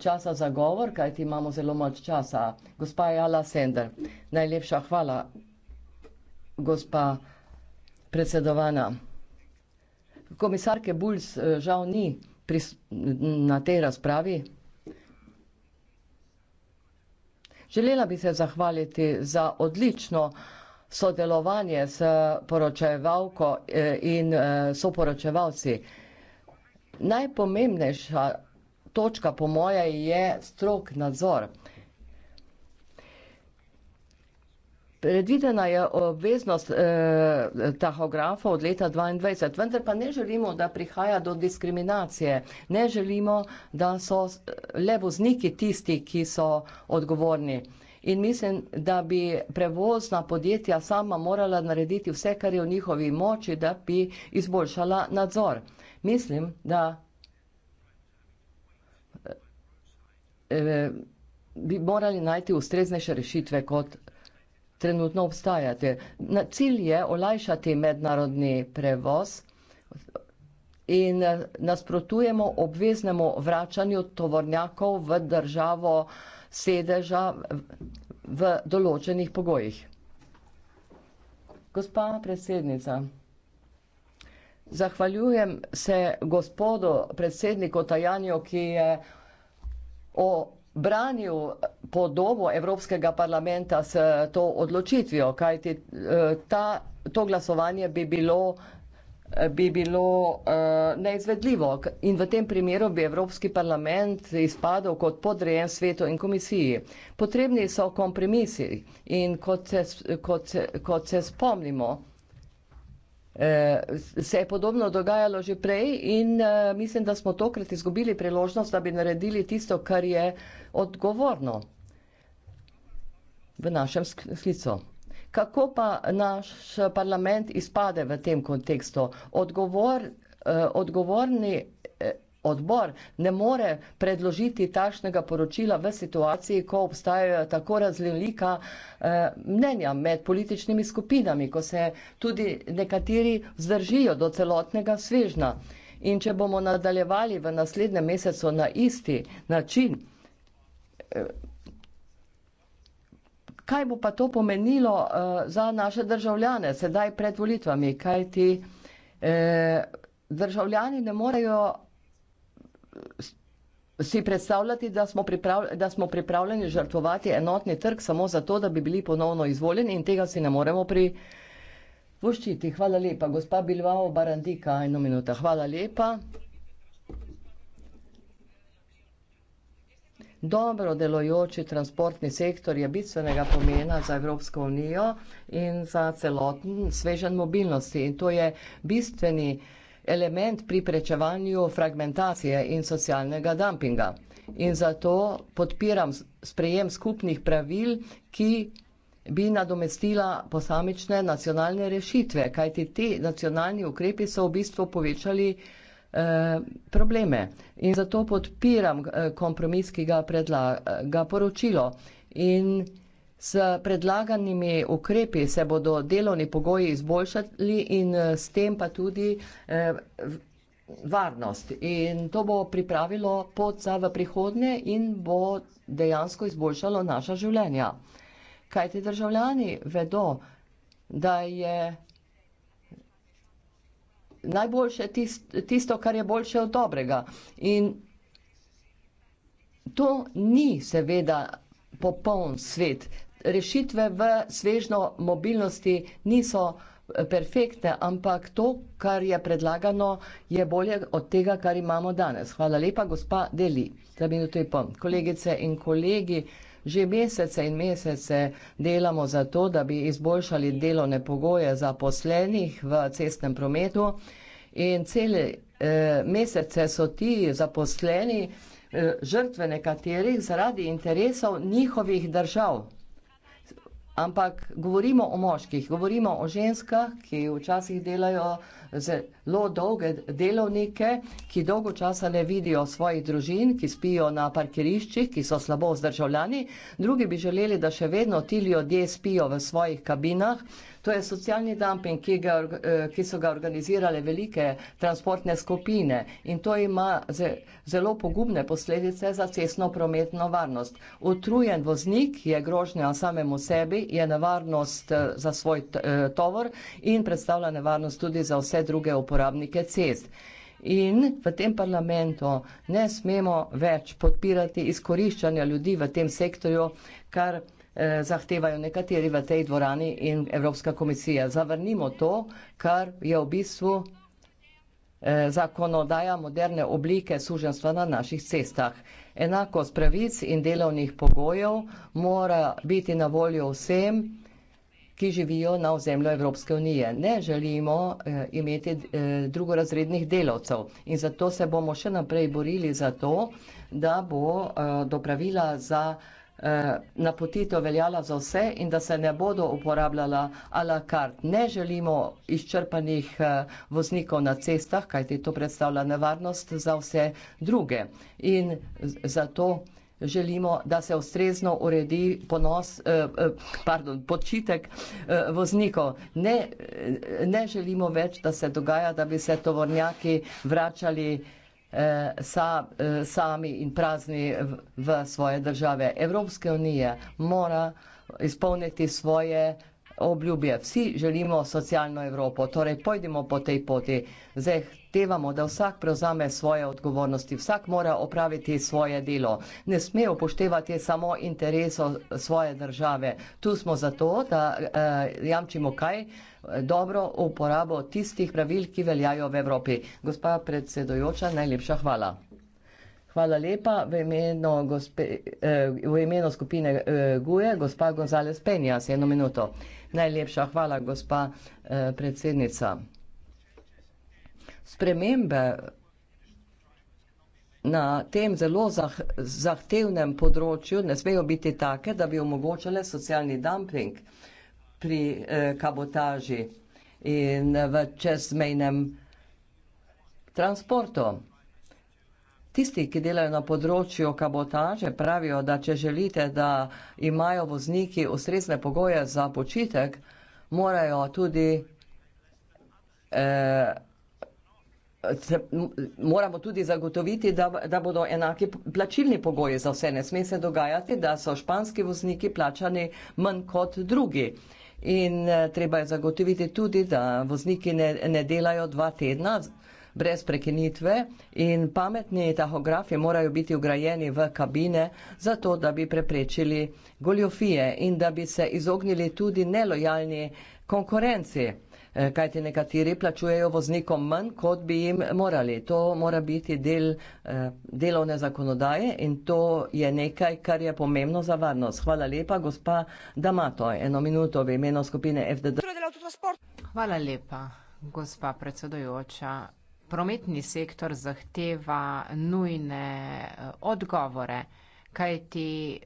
časa za govor, kajti imamo zelo moč časa. Gospa Jala Sender, najlepša hvala. Gospa predsedovana. Komisarke Bulls eh, žal ni pri, na tej razpravi. Želela bi se zahvaliti za odlično uh, sodelovanje s poročevalko e, in e, soporočevalci. Najpomembnejša točka, po moje, je strok nadzor. Predvidena je obveznost eh, tahografa od leta 2022, vendar pa ne želimo, da prihaja do diskriminacije. Ne želimo, da so e, le vozniki tisti, ki so odgovorni. Eh, In mislim, da bi prevozna podjetja sama morala narediti vse, kar je v njihovi moči, da bi izboljšala nadzor. Mislim, da eh, bi morali najti ustreznejše rešitve, kot trenutno obstajate. Cilj je olajšati mednarodni prevoz in eh, nasprotujemo obveznemu vračanju tovornjakov v državo, sedeža v določenih pogojih. Gospa predsednica, zahvaljujem se gospodu predsedniku Tajanju, ki je obranil podobo Evropskega parlamenta s to odločitvijo, kajti eh, ta, to glasovanje bi bilo bi bilo uh, neizvedljivo in v tem primeru bi Evropski parlament izpadel kot podrejen svetu in komisiji. Potrebni so kompromisi in kot se, kot, kot se spomnimo, uh, se je podobno dogajalo že prej in uh, mislim, da smo tokrat izgubili priložnost, da bi naredili tisto, kar je odgovorno v našem sklicu. Sk sk sk sk sk sk sk sk Kako pa naš parlament izpade v tem kontekstu? Odgovor, eh, odgovorni eh, odbor ne more predložiti takšnega poročila v situaciji, ko obstajajo tako razlika eh, mnenja med političnimi skupinami, ko se tudi nekateri zdržijo do celotnega svežna. In če bomo nadaljevali v naslednjem mesecu na isti način, eh, Kaj bo pa to pomenilo uh, za naše državljane sedaj pred volitvami? Kaj ti eh, državljani ne morejo si predstavljati, da smo, da smo pripravljeni žrtvovati enotni trg samo zato, da bi bili ponovno izvoljeni in tega si ne moremo pri. Voščiti, hvala lepa. Gospa Bilvao Barandika, eno minuto. Hvala lepa. Dobro delojoči transportni sektor je bistvenega pomena za Evropsko unijo in za celoten svežen mobilnosti in to je bistveni element pri prečevanju fragmentacije in socialnega dumpinga. In zato podpiram sprejem skupnih pravil, ki bi nadomestila posamične nacionalne rešitve, kajti ti nacionalni ukrepi so v bistvu povečali Eh, probleme. In zato podpiram eh, kompromis, ki ga predlaga poročilo. In s predlaganimi ukrepi se bodo delovni pogoji izboljšali in eh, s tem pa tudi varnost. In to bo pripravilo pot za v prihodnje in bo dejansko izboljšalo naša življenja. Kaj ti državljani vedo, da je najboljše tist, tisto, kar je boljše od dobrega. In to ni seveda popoln svet. Rešitve v svežno mobilnosti niso eh, perfektne, ampak to, kar je predlagano, je bolje od tega, kar imamo danes. Hvala lepa, gospa Deli, za minuto in pol. Kolegice in kolegi. Že mesece in mesece delamo za to, da bi izboljšali delovne pogoje zaposlenih v cestnem prometu in cele eh, mesece so ti zaposleni eh, žrtve nekaterih zaradi interesov njihovih držav. Ampak govorimo o moških, govorimo o ženskah, ki včasih delajo zelo dolge delovnike, ki dolgo časa ne vidijo svojih družin, ki spijo na parkiriščih, ki so slabo vzdržavljani. Drugi bi želeli, da še vedno ti ljudje spijo v svojih kabinah, To je socialni dumping, ki, ga, eh, ki so ga organizirale velike transportne skupine in to ima zelo pogubne posledice za cestno prometno varnost. Utrujen voznik je grožnja samemu sebi, je nevarnost eh, za svoj eh, tovor in predstavlja nevarnost tudi za vse druge uporabnike cest. In v tem parlamentu ne smemo več podpirati izkoriščanja ljudi v tem sektorju, kar zahtevajo nekateri v tej dvorani in Evropska komisija. Zavrnimo to, kar je v bistvu eh, zakonodaja moderne oblike suženstva na naših cestah. Enakost pravic in delovnih pogojev mora biti na voljo vsem, ki živijo na ozemlju Evropske unije. Ne želimo eh, imeti eh, drugorazrednih delovcev in zato se bomo še naprej borili za to, da bo do pravila za Eh, napotitev veljala za vse in da se ne bodo uporabljala a la carte. Ne želimo izčrpanih eh, voznikov na cestah, kajti to predstavlja nevarnost za vse druge. In zato želimo, da se ustrezno uredi ponos, eh, pardon, počitek voznikov. Ne, ne želimo več, da se dogaja, da bi se tovornjaki vračali Eh, sa, eh, sami in prazni v svoje države. Evropska unija mora izpolniti svoje obljubje. Vsi želimo socialno Evropo, torej pojdimo po tej poti. Zahtevamo, da vsak prevzame svoje odgovornosti, vsak mora opraviti svoje delo. Ne sme upoštevati samo interesov svoje države. Tu smo zato, da eh, jamčimo kaj dobro uporabo tistih pravil, ki veljajo v Evropi. Gospa predsedojoča, najlepša hvala. Hvala lepa v imenu, gospe, eh, v imenu skupine eh, GUE, gospa Gonzales Penjas, eno minuto. Najlepša hvala, gospa eh, predsednica. Spremembe na tem zelo zah, zahtevnem področju ne smejo biti take, da bi omogočale socialni dumping pri eh, kabotaži in eh, v čezmejnem transportu. Tisti, ki delajo na področju kabotaže, pravijo, da če želite, da imajo vozniki ustrezne pogoje za počitek, morajo tudi, eh, se, moramo tudi zagotoviti, da, da bodo enaki plačilni pogoji za vse. Ne sme se dogajati, da so španski vozniki plačani manj kot drugi. In eh, treba je zagotoviti tudi, da vozniki ne, ne delajo dva tedna brez prekinitve in pametni tahografi morajo biti ugrajeni v kabine, zato da bi preprečili goljofije in da bi se izognili tudi nelojalni konkurenci. Eh, kajti nekateri plačujejo voznikom manj, kot bi jim morali. To mora biti del eh, delovne zakonodaje in to je nekaj, kar je pomembno za varnost. Hvala lepa, gospa Damato, eno minuto v imenu skupine FDD. Hvala lepa, gospa predsedojoča prometni sektor zahteva nujne eh, odgovore, kajti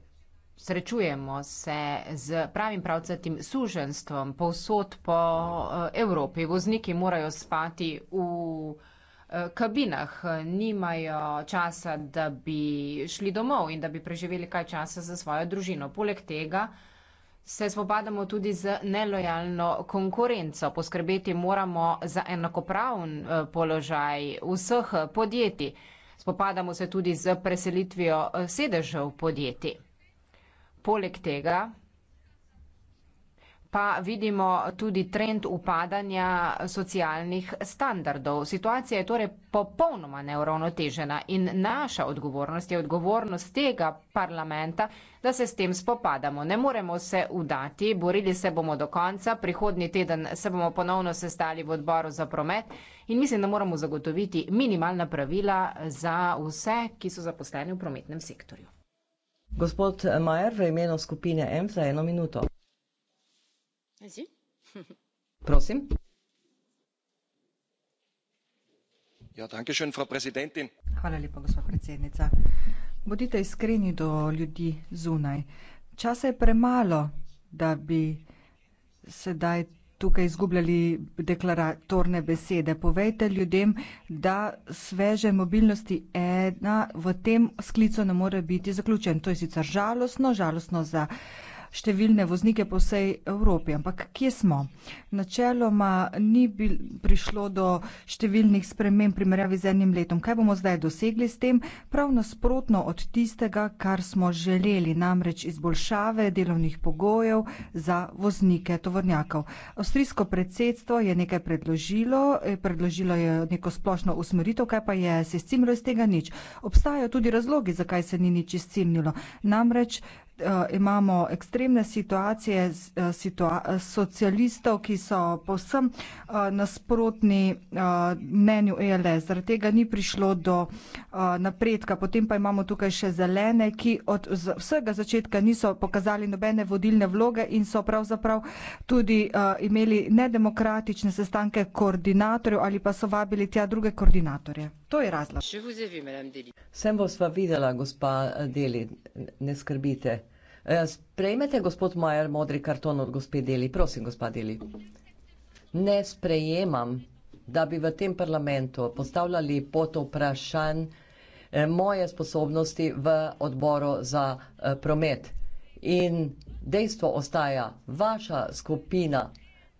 srečujemo se z pravim pravcatim suženstvom povsod po eh, Evropi. Vozniki morajo spati v eh, kabinah, nimajo časa, da bi šli domov in da bi preživeli kaj časa za svojo družino. Poleg tega se spopadamo tudi z nelojalno konkurenco. Poskrbeti moramo za enakopraven eh, položaj vseh podjetij. Spopadamo se tudi z preselitvijo eh, sedežev podjetij. Poleg tega pa vidimo tudi trend upadanja socialnih standardov. Situacija je torej popolnoma neuravnotežena in naša odgovornost je odgovornost tega parlamenta, da se s tem spopadamo. Ne moremo se udati, borili se bomo do konca, prihodni teden se bomo ponovno sestali v odboru za promet in mislim, da moramo zagotoviti minimalna pravila za vse, ki so zaposleni v prometnem sektorju. Gospod Majer, v imenu skupine M za eno minuto. [laughs] Ja, gospa predsednica. bodite iskreni do ljudi zunaj. časa je premalo, da bi sedaj tukaj izgubljali deklaratorne besede. povejte ljudem, da sveženj mobilnosti ena v tem sklicu ne more biti zaključen. to je sicer žalostno, žalostno za številne voznike po vsej Evropi. Ampak kje smo? Načeloma ni bil, prišlo do številnih sprememb primerjavi z enim letom. Kaj bomo zdaj dosegli s tem? Prav nasprotno od tistega, kar smo želeli, namreč izboljšave delovnih pogojev za voznike tovornjakov. Avstrijsko predsedstvo je nekaj predložilo, eh, predložilo je neko splošno usmeritev, kaj pa je se izcimilo iz tega nič. Obstajajo tudi razlogi, zakaj se ni nič izcimilo. Namreč Eh, imamo ekstremne situacije eh, situa socialistov, ki so povsem eh, nasprotni mnenju ELS. Zaradi tega ni prišlo do napredka. Potem pa imamo tukaj še zelene, ki od vsega začetka niso pokazali nobene vodilne vloge in so pravzaprav tudi imeli nedemokratične sestanke koordinatorjev ali pa so vabili tja druge koordinatorje. To je razlog. Sem vas pa videla, gospa Deli, ne skrbite. E, sprejmete, gospod Majer, modri karton od gospe Deli, prosim, gospa Deli. Ne sprejemam, da bi v tem parlamentu postavljali pot vprašanj e, moje sposobnosti v odboru za e, promet. In dejstvo ostaja, vaša skupina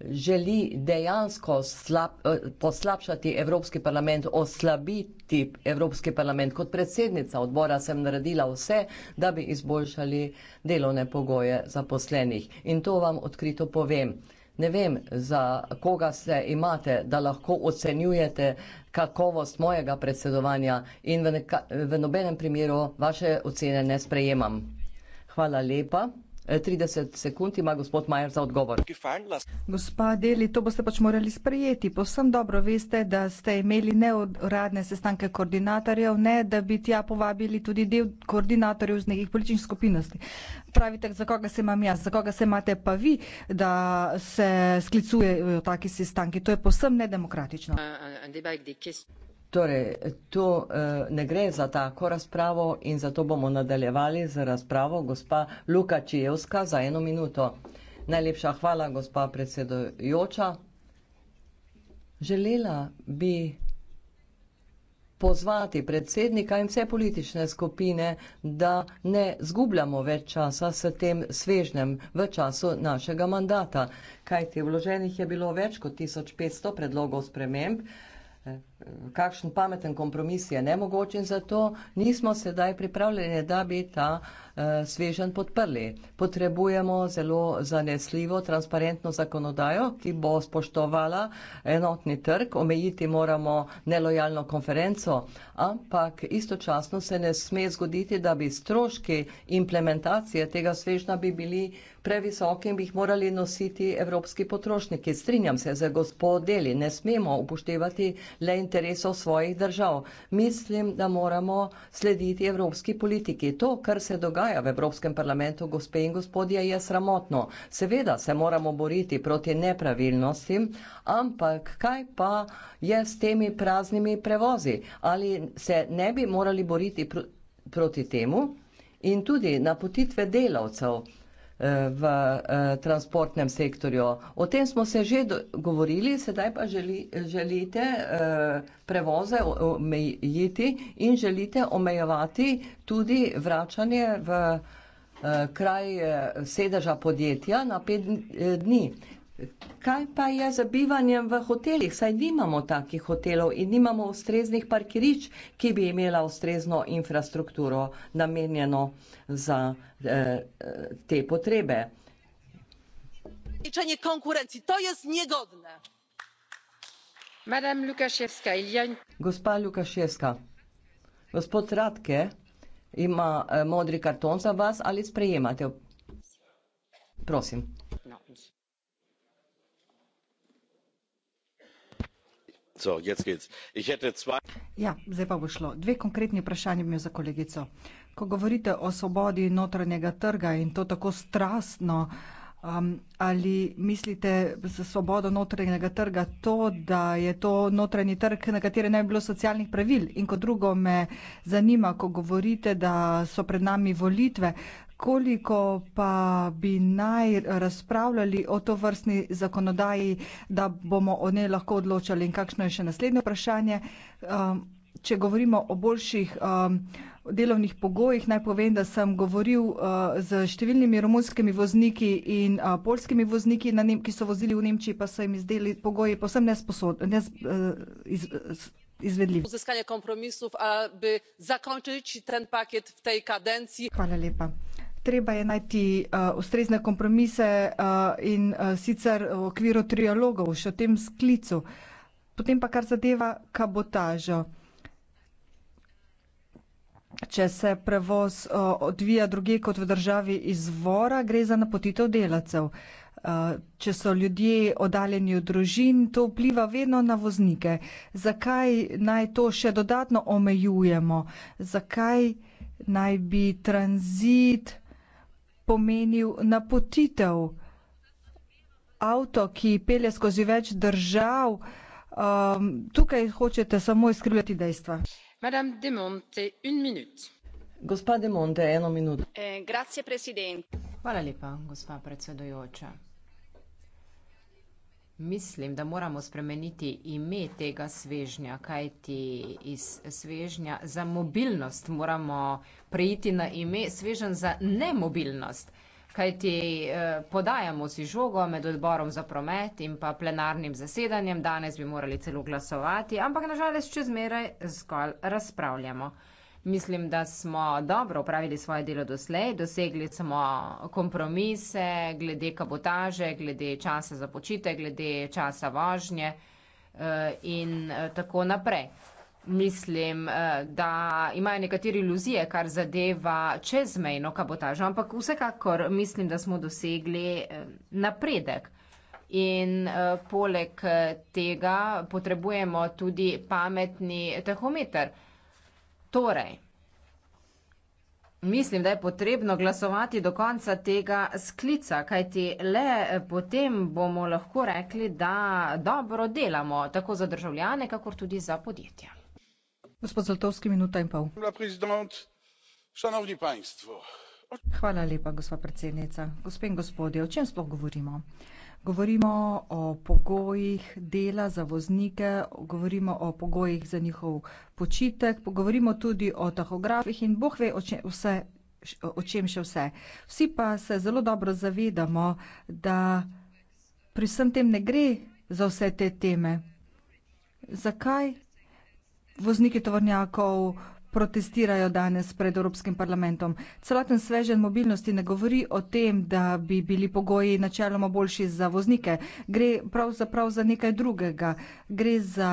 želi dejansko slab, eh, poslabšati Evropski parlament, oslabiti Evropski parlament. Kot predsednica odbora sem naredila vse, da bi izboljšali delovne pogoje zaposlenih. In to vam odkrito povem. Ne vem, za koga se imate, da lahko ocenjujete kakovost mojega predsedovanja in v, neka, v nobenem primeru vaše ocene ne sprejemam. Hvala lepa. 30 eh, sekund ima gospod Majer za odgovor. Gospa Deli, to boste pač morali sprejeti. Posem dobro veste, da ste imeli neuradne sestanke koordinatorjev, ne da bi tja povabili tudi del koordinatorjev z nekih političnih skupinosti. Pravite, za koga se imam jaz, za koga se imate pa vi, da se sklicujejo eh, taki sestanki. To je posem nedemokratično. Torej, to uh, ne gre za tako razpravo in zato bomo nadaljevali z razpravo gospa Luka Čijevska za eno minuto. Najlepša hvala, gospa predsedojoča. Želela bi pozvati predsednika in vse politične skupine, da ne zgubljamo več časa s tem svežnem v času našega mandata. Kajti vloženih je bilo več kot 1500 predlogov sprememb. Uh, kakšen pameten kompromis je nemogočen, zato nismo sedaj pripravljeni, da bi ta Eh, svežen podprli. Potrebujemo zelo zanesljivo, transparentno zakonodajo, ki bo spoštovala enotni trg. Omejiti moramo nelojalno konferenco, ampak istočasno se ne sme zgoditi, da bi stroški implementacije tega svežna bi bili previsoki in bi jih morali nositi evropski potrošniki. Strinjam se za gospodeli, ne smemo upoštevati le interesov svojih držav. Mislim, da moramo slediti evropski politiki. To, kar se dogaja, dogaja v Evropskem parlamentu, gospe in gospodje, je sramotno. Seveda se moramo boriti proti nepravilnostim, ampak kaj pa je s temi praznimi prevozi? Ali se ne bi morali boriti pr proti temu? In tudi napotitve delavcev, v eh, transportnem sektorju. O tem smo se že govorili, sedaj pa želi, želite eh, prevoze omejiti in želite omejevati tudi vračanje v eh, kraj sedeža podjetja na pet dni. Kaj pa je z bivanjem v hotelih? Saj nimamo takih hotelov in nimamo ustreznih parkirič, ki bi imela ustrezno infrastrukturo namenjeno za eh, eh te potrebe. Ničanje konkurenci, to je znegodne. Ja- Gospa Lukaševska, gospod Radke ima eh, modri karton za vas ali sprejemate? Prosim. No. So, jetzt geht's. Ich hätte zwei. Ja, zdaj pa bo šlo. Dve konkretni vprašanje mi je za kolegico. Ko govorite o svobodi notranjega trga in to tako strastno, um, ali mislite za svobodo notranjega trga to, da je to notranji trg, na katere naj bi bilo socialnih pravil? In kot drugo me zanima, ko govorite, da so pred nami volitve, koliko pa bi naj razpravljali o to vrstni zakonodaji, da bomo o njej lahko odločali in kakšno je še naslednje vprašanje. Um, če govorimo o boljših um, delovnih pogojih, naj povem, da sem govoril uh, z številnimi romunskimi vozniki in uh, polskimi vozniki, Nem ki so vozili v Nemčiji, pa so jim izdeli pogoji posebno nesposobni. Nes uh, izvedljiv. Uzeskanje kompromisov, aby zakončiti ten paket v tej kadenciji. Hvala lepa treba je najti uh, ustrezne kompromise uh, in uh, sicer v okviru trialogov, še v tem sklicu. Potem pa kar zadeva kabotažo. Če se prevoz uh, odvija druge kot v državi izvora, gre za napotitev delacev. Uh, če so ljudje odaljeni od družin, to vpliva vedno na voznike. Zakaj naj to še dodatno omejujemo? Zakaj naj bi tranzit uh, pomenil napotitev. Avto, ki pelje skozi več držav, um, tukaj hočete samo izkrivljati dejstva. De Monte, Gospa De Monte, eno minuto. Eh, Hvala lepa, gospa predsedujoča. Mislim, da moramo spremeniti ime tega svežnja, kajti iz svežnja za mobilnost moramo preiti na ime svežen za nemobilnost. Kajti eh, podajamo si žogo med odborom za promet in pa plenarnim zasedanjem, danes bi morali celo glasovati, ampak nažalost čezmeraj zgolj razpravljamo. Mislim, da smo dobro upravili svoje delo doslej, dosegli smo kompromise glede kabotaže, glede časa za počitek, glede časa vožnje eh, in eh, tako naprej. Mislim, eh, da imajo nekateri iluzije, kar zadeva čezmejno kabotažo, ampak vsekakor mislim, da smo dosegli napredek. In poleg tega potrebujemo tudi pametni tahometer. Torej, mislim, da je potrebno glasovati do konca tega sklica, kajti le potem bomo lahko rekli, da dobro delamo, tako za državljane, kakor tudi za podjetja. Gospod Zlatovski, minuta in pol. Hvala lepa, gospa predsednica. Gospe in gospodje, o čem sploh govorimo? Govorimo o pogojih dela za voznike, govorimo o pogojih za njihov počitek, govorimo tudi o tahografih in boh ve, o čem, vse, o čem še vse. Vsi pa se zelo dobro zavedamo, da pri vsem tem ne gre za vse te teme. Zakaj vozniki tovornjakov protestirajo danes pred Evropskim parlamentom. Celoten svežen mobilnosti ne govori o tem, da bi bili pogoji načeloma boljši za voznike. Gre pravzaprav za nekaj drugega. Gre za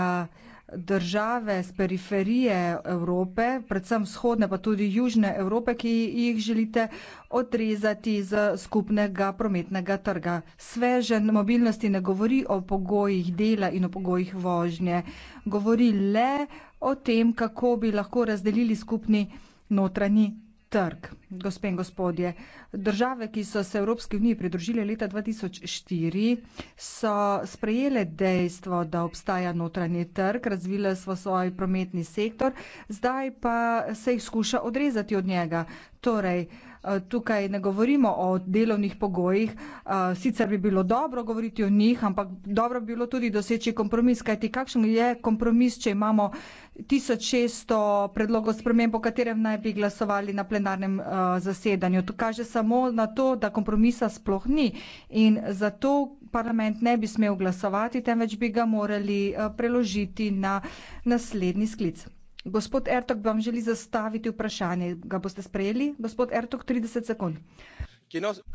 države z periferije Evrope, predvsem vzhodne, pa tudi južne Evrope, ki jih želite odrezati z skupnega prometnega trga. Svežen mobilnosti ne govori o pogojih dela in o pogojih vožnje, govori le o tem, kako bi lahko razdelili skupni notranji trg. Gospe in gospodje, države, ki so se Evropski uniji pridružile leta 2004, so sprejele dejstvo, da obstaja notranji trg, razvile smo svoj prometni sektor, zdaj pa se jih skuša odrezati od njega. Torej, eh, tukaj ne govorimo o delovnih pogojih, eh, sicer bi bilo dobro govoriti o njih, ampak dobro bi bilo tudi doseči kompromis, kajti kakšen je kompromis, če imamo 1600 predlogov sprememb, o katerem naj bi glasovali na plenarnem uh, zasedanju. To kaže samo na to, da kompromisa sploh ni in zato parlament ne bi smel glasovati, temveč bi ga morali uh, preložiti na naslednji sklic. Gospod Ertok, vam želi zastaviti vprašanje. Ga boste sprejeli? Gospod Ertok, 30 sekund. Uh,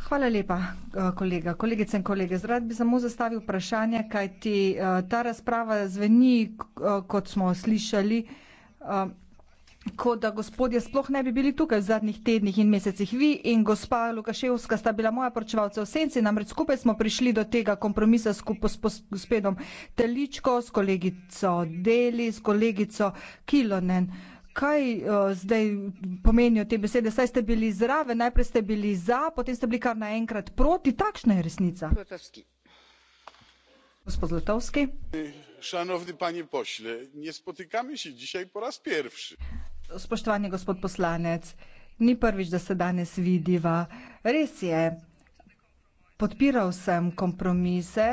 Hvala lepa, eh, kolega. Kolegice in kolege, zrad bi samo zastavil vprašanje, kaj ti eh, ta razprava zveni, eh, kot smo slišali, kot da gospodje sploh ne bi bili tukaj v zadnjih tednih in mesecih. Vi in gospa Lukaševska sta bila moja poročevalca v senci, namreč skupaj smo prišli do tega kompromisa skupaj s gospodom Teličko, s kolegico Deli, s kolegico Kilonen. Uh, kaj uh, zdaj pomenijo te besede? Saj ste bili zraven, najprej ste bili za, potem ste bili kar naenkrat proti. Takšna je resnica. Zlatovski. Gospod Zlatovski. Šanovni pani pošle, ne spotikamo se dišaj po raz prvši. Spoštovani gospod poslanec, ni prvič, da se danes vidiva. Res je podpiral sem kompromise,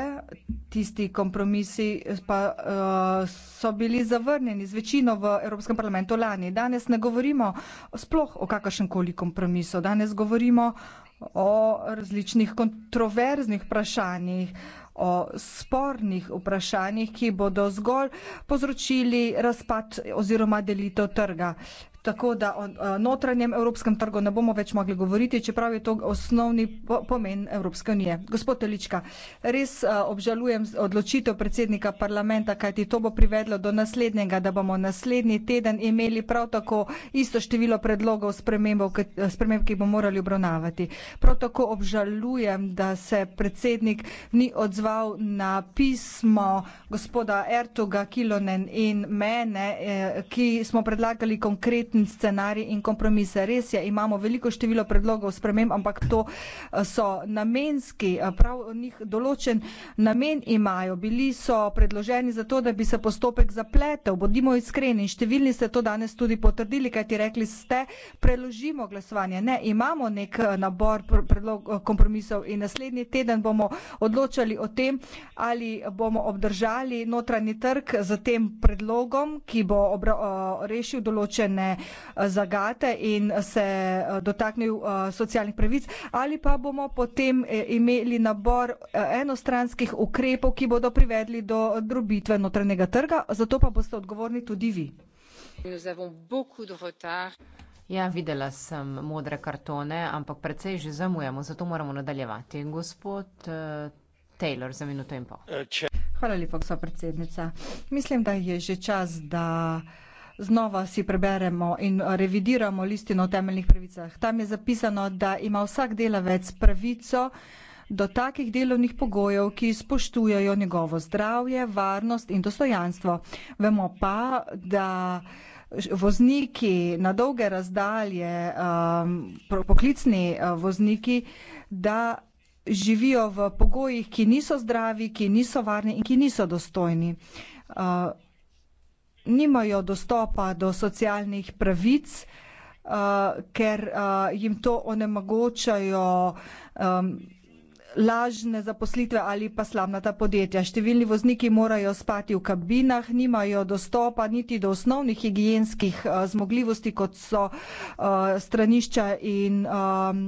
tisti kompromisi pa eh, so bili zavrnjeni z večino v Evropskem parlamentu lani. Danes ne govorimo sploh o kakršenkoli kompromisu, danes govorimo o različnih kontroverznih vprašanjih, o spornih vprašanjih, ki bodo zgolj povzročili razpad oziroma delitev trga. Uh, tako da o notranjem evropskem trgu ne bomo več mogli govoriti, čeprav je to osnovni pomen Evropske unije. Gospod Telička, res e, obžalujem odločitev predsednika parlamenta, kajti to bo privedlo do naslednjega, da bomo naslednji teden imeli prav tako isto število predlogov e, sprememb, ki bomo morali obravnavati. Prav tako obžalujem, da se predsednik ni odzval na pismo gospoda Ertuga Kilonen in mene, e, ki smo predlagali konkretne verjeten scenarij in kompromis. Res je, imamo veliko število predlogov sprememb, ampak to eh, so namenski, eh, prav njih določen namen imajo. Bili so predloženi zato, da bi se postopek zapletel. Bodimo iskreni in številni ste to danes tudi potrdili, kaj ti rekli ste, preložimo glasovanje. Ne, imamo nek eh, nabor predlog kompromisov in naslednji teden bomo odločali o tem, ali bomo obdržali notranji trg za tem predlogom, ki bo rešil določene zagate in se eh, dotaknil eh, socialnih pravic, ali pa bomo potem eh, imeli nabor enostranskih ukrepov, ki bodo privedli do drobitve notranjega trga, zato pa boste odgovorni tudi vi. Ja, videla sem modre kartone, ampak predvsej že zamujamo, zato moramo nadaljevati. Gospod uh, Taylor, za minuto in pol. Hvala lepa, gospod predsednica. Mislim, da je že čas, da znova si preberemo in revidiramo listino o temeljnih pravicah. Tam je zapisano, da ima vsak delavec pravico do takih delovnih pogojev, ki spoštujajo njegovo zdravje, varnost in dostojanstvo. Vemo pa, da vozniki na dolge razdalje, um, poklicni uh, vozniki, da živijo v pogojih, ki niso zdravi, ki niso varni in ki niso dostojni. Uh, nimajo dostopa do socialnih pravic, uh, ker uh, jim to onemogočajo um, lažne zaposlitve ali pa slamnata podjetja. Številni vozniki morajo spati v kabinah, nimajo dostopa niti do osnovnih higijenskih uh, eh, zmogljivosti, kot so uh, stranišča in. Um,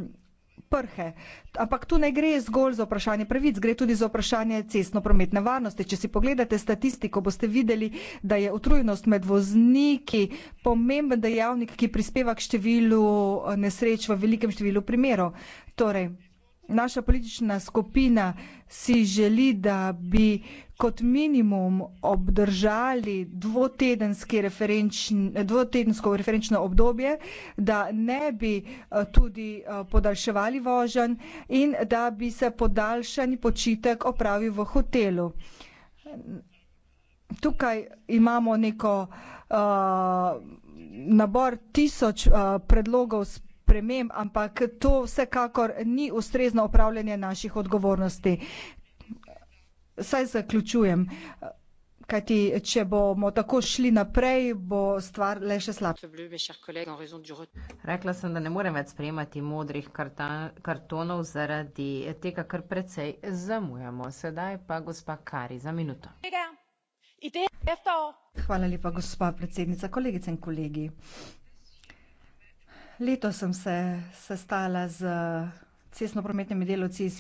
prhe. Ampak tu ne gre zgolj za vprašanje pravic, gre tudi za vprašanje cestno-prometne varnosti. Če si pogledate statistiko, boste videli, da je utrujenost med vozniki pomemben dejavnik, ki prispeva k številu eh, nesreč v velikem številu primerov. Torej, naša politična skupina si želi, da bi kot minimum obdržali dvotedenski referenčni, dvotedensko referenčno obdobje, da ne bi eh, tudi eh, podaljševali vožen in da bi se podaljšani počitek opravil v hotelu. Tukaj imamo neko uh, nabor tisoč uh, predlogov sprednjih sprememb, ampak to vsekakor ni ustrezno upravljanje naših odgovornosti. Saj zaključujem, kajti če bomo tako šli naprej, bo stvar le še slabša. Rekla sem, da ne morem več sprejemati modrih kartonov zaradi tega, kar precej zamujamo. Sedaj pa gospa Kari za minuto. Hvala lepa, gospa predsednica, kolegice in kolegi letos sem se sestala z cestnoprometnimi delavci iz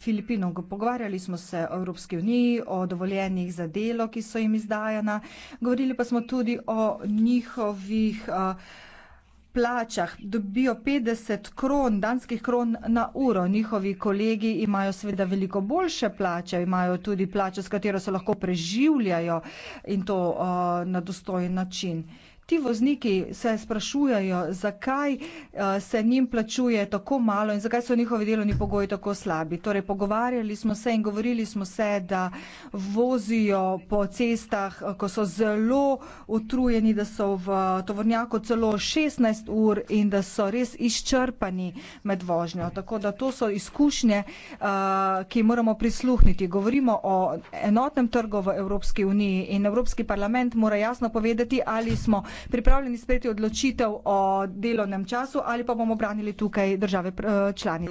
Filipinov. Pogovarjali smo se o Evropski uniji, o dovoljenjih za delo, ki so jim izdajana. Govorili pa smo tudi o njihovih eh, plačah. Dobijo 50 kron, danskih kron na uro. Njihovi kolegi imajo seveda veliko boljše plače, imajo tudi plače, s katero se lahko preživljajo in to eh, na dostojen način ti vozniki se sprašujejo, zakaj uh, se njim plačuje tako malo in zakaj so njihovi delovni pogoji tako slabi. Torej, pogovarjali smo se in govorili smo se, da vozijo po cestah, eh, ko so zelo utrujeni, da so v tovornjaku celo 16 ur in da so res izčrpani med vožnjo. Tako da to so izkušnje, uh, ki moramo prisluhniti. Govorimo o enotnem trgu v Evropski uniji in Evropski parlament mora jasno povedati, ali smo pripravljeni sprejeti odločitev o delovnem času ali pa bomo branili tukaj države eh, člani.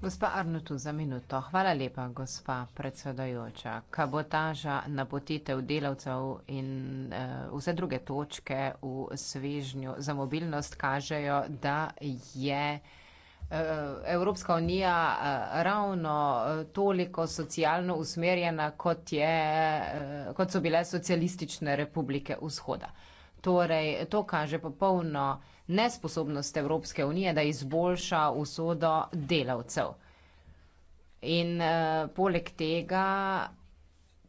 Gospa Arnutu, za minuto. Hvala lepa, gospa predsedajoča. Kabotaža, napotitev delavcev in uh, vse druge točke v svežnju za mobilnost kažejo, da je. Eh, Evropska unija ravno toliko socialno usmerjena, kot, je, kot so bile socialistične republike vzhoda. Torej, to kaže popolno nesposobnost Evropske unije, da izboljša usodo delavcev. In uh, poleg tega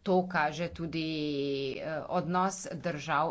to kaže tudi uh, odnos držav.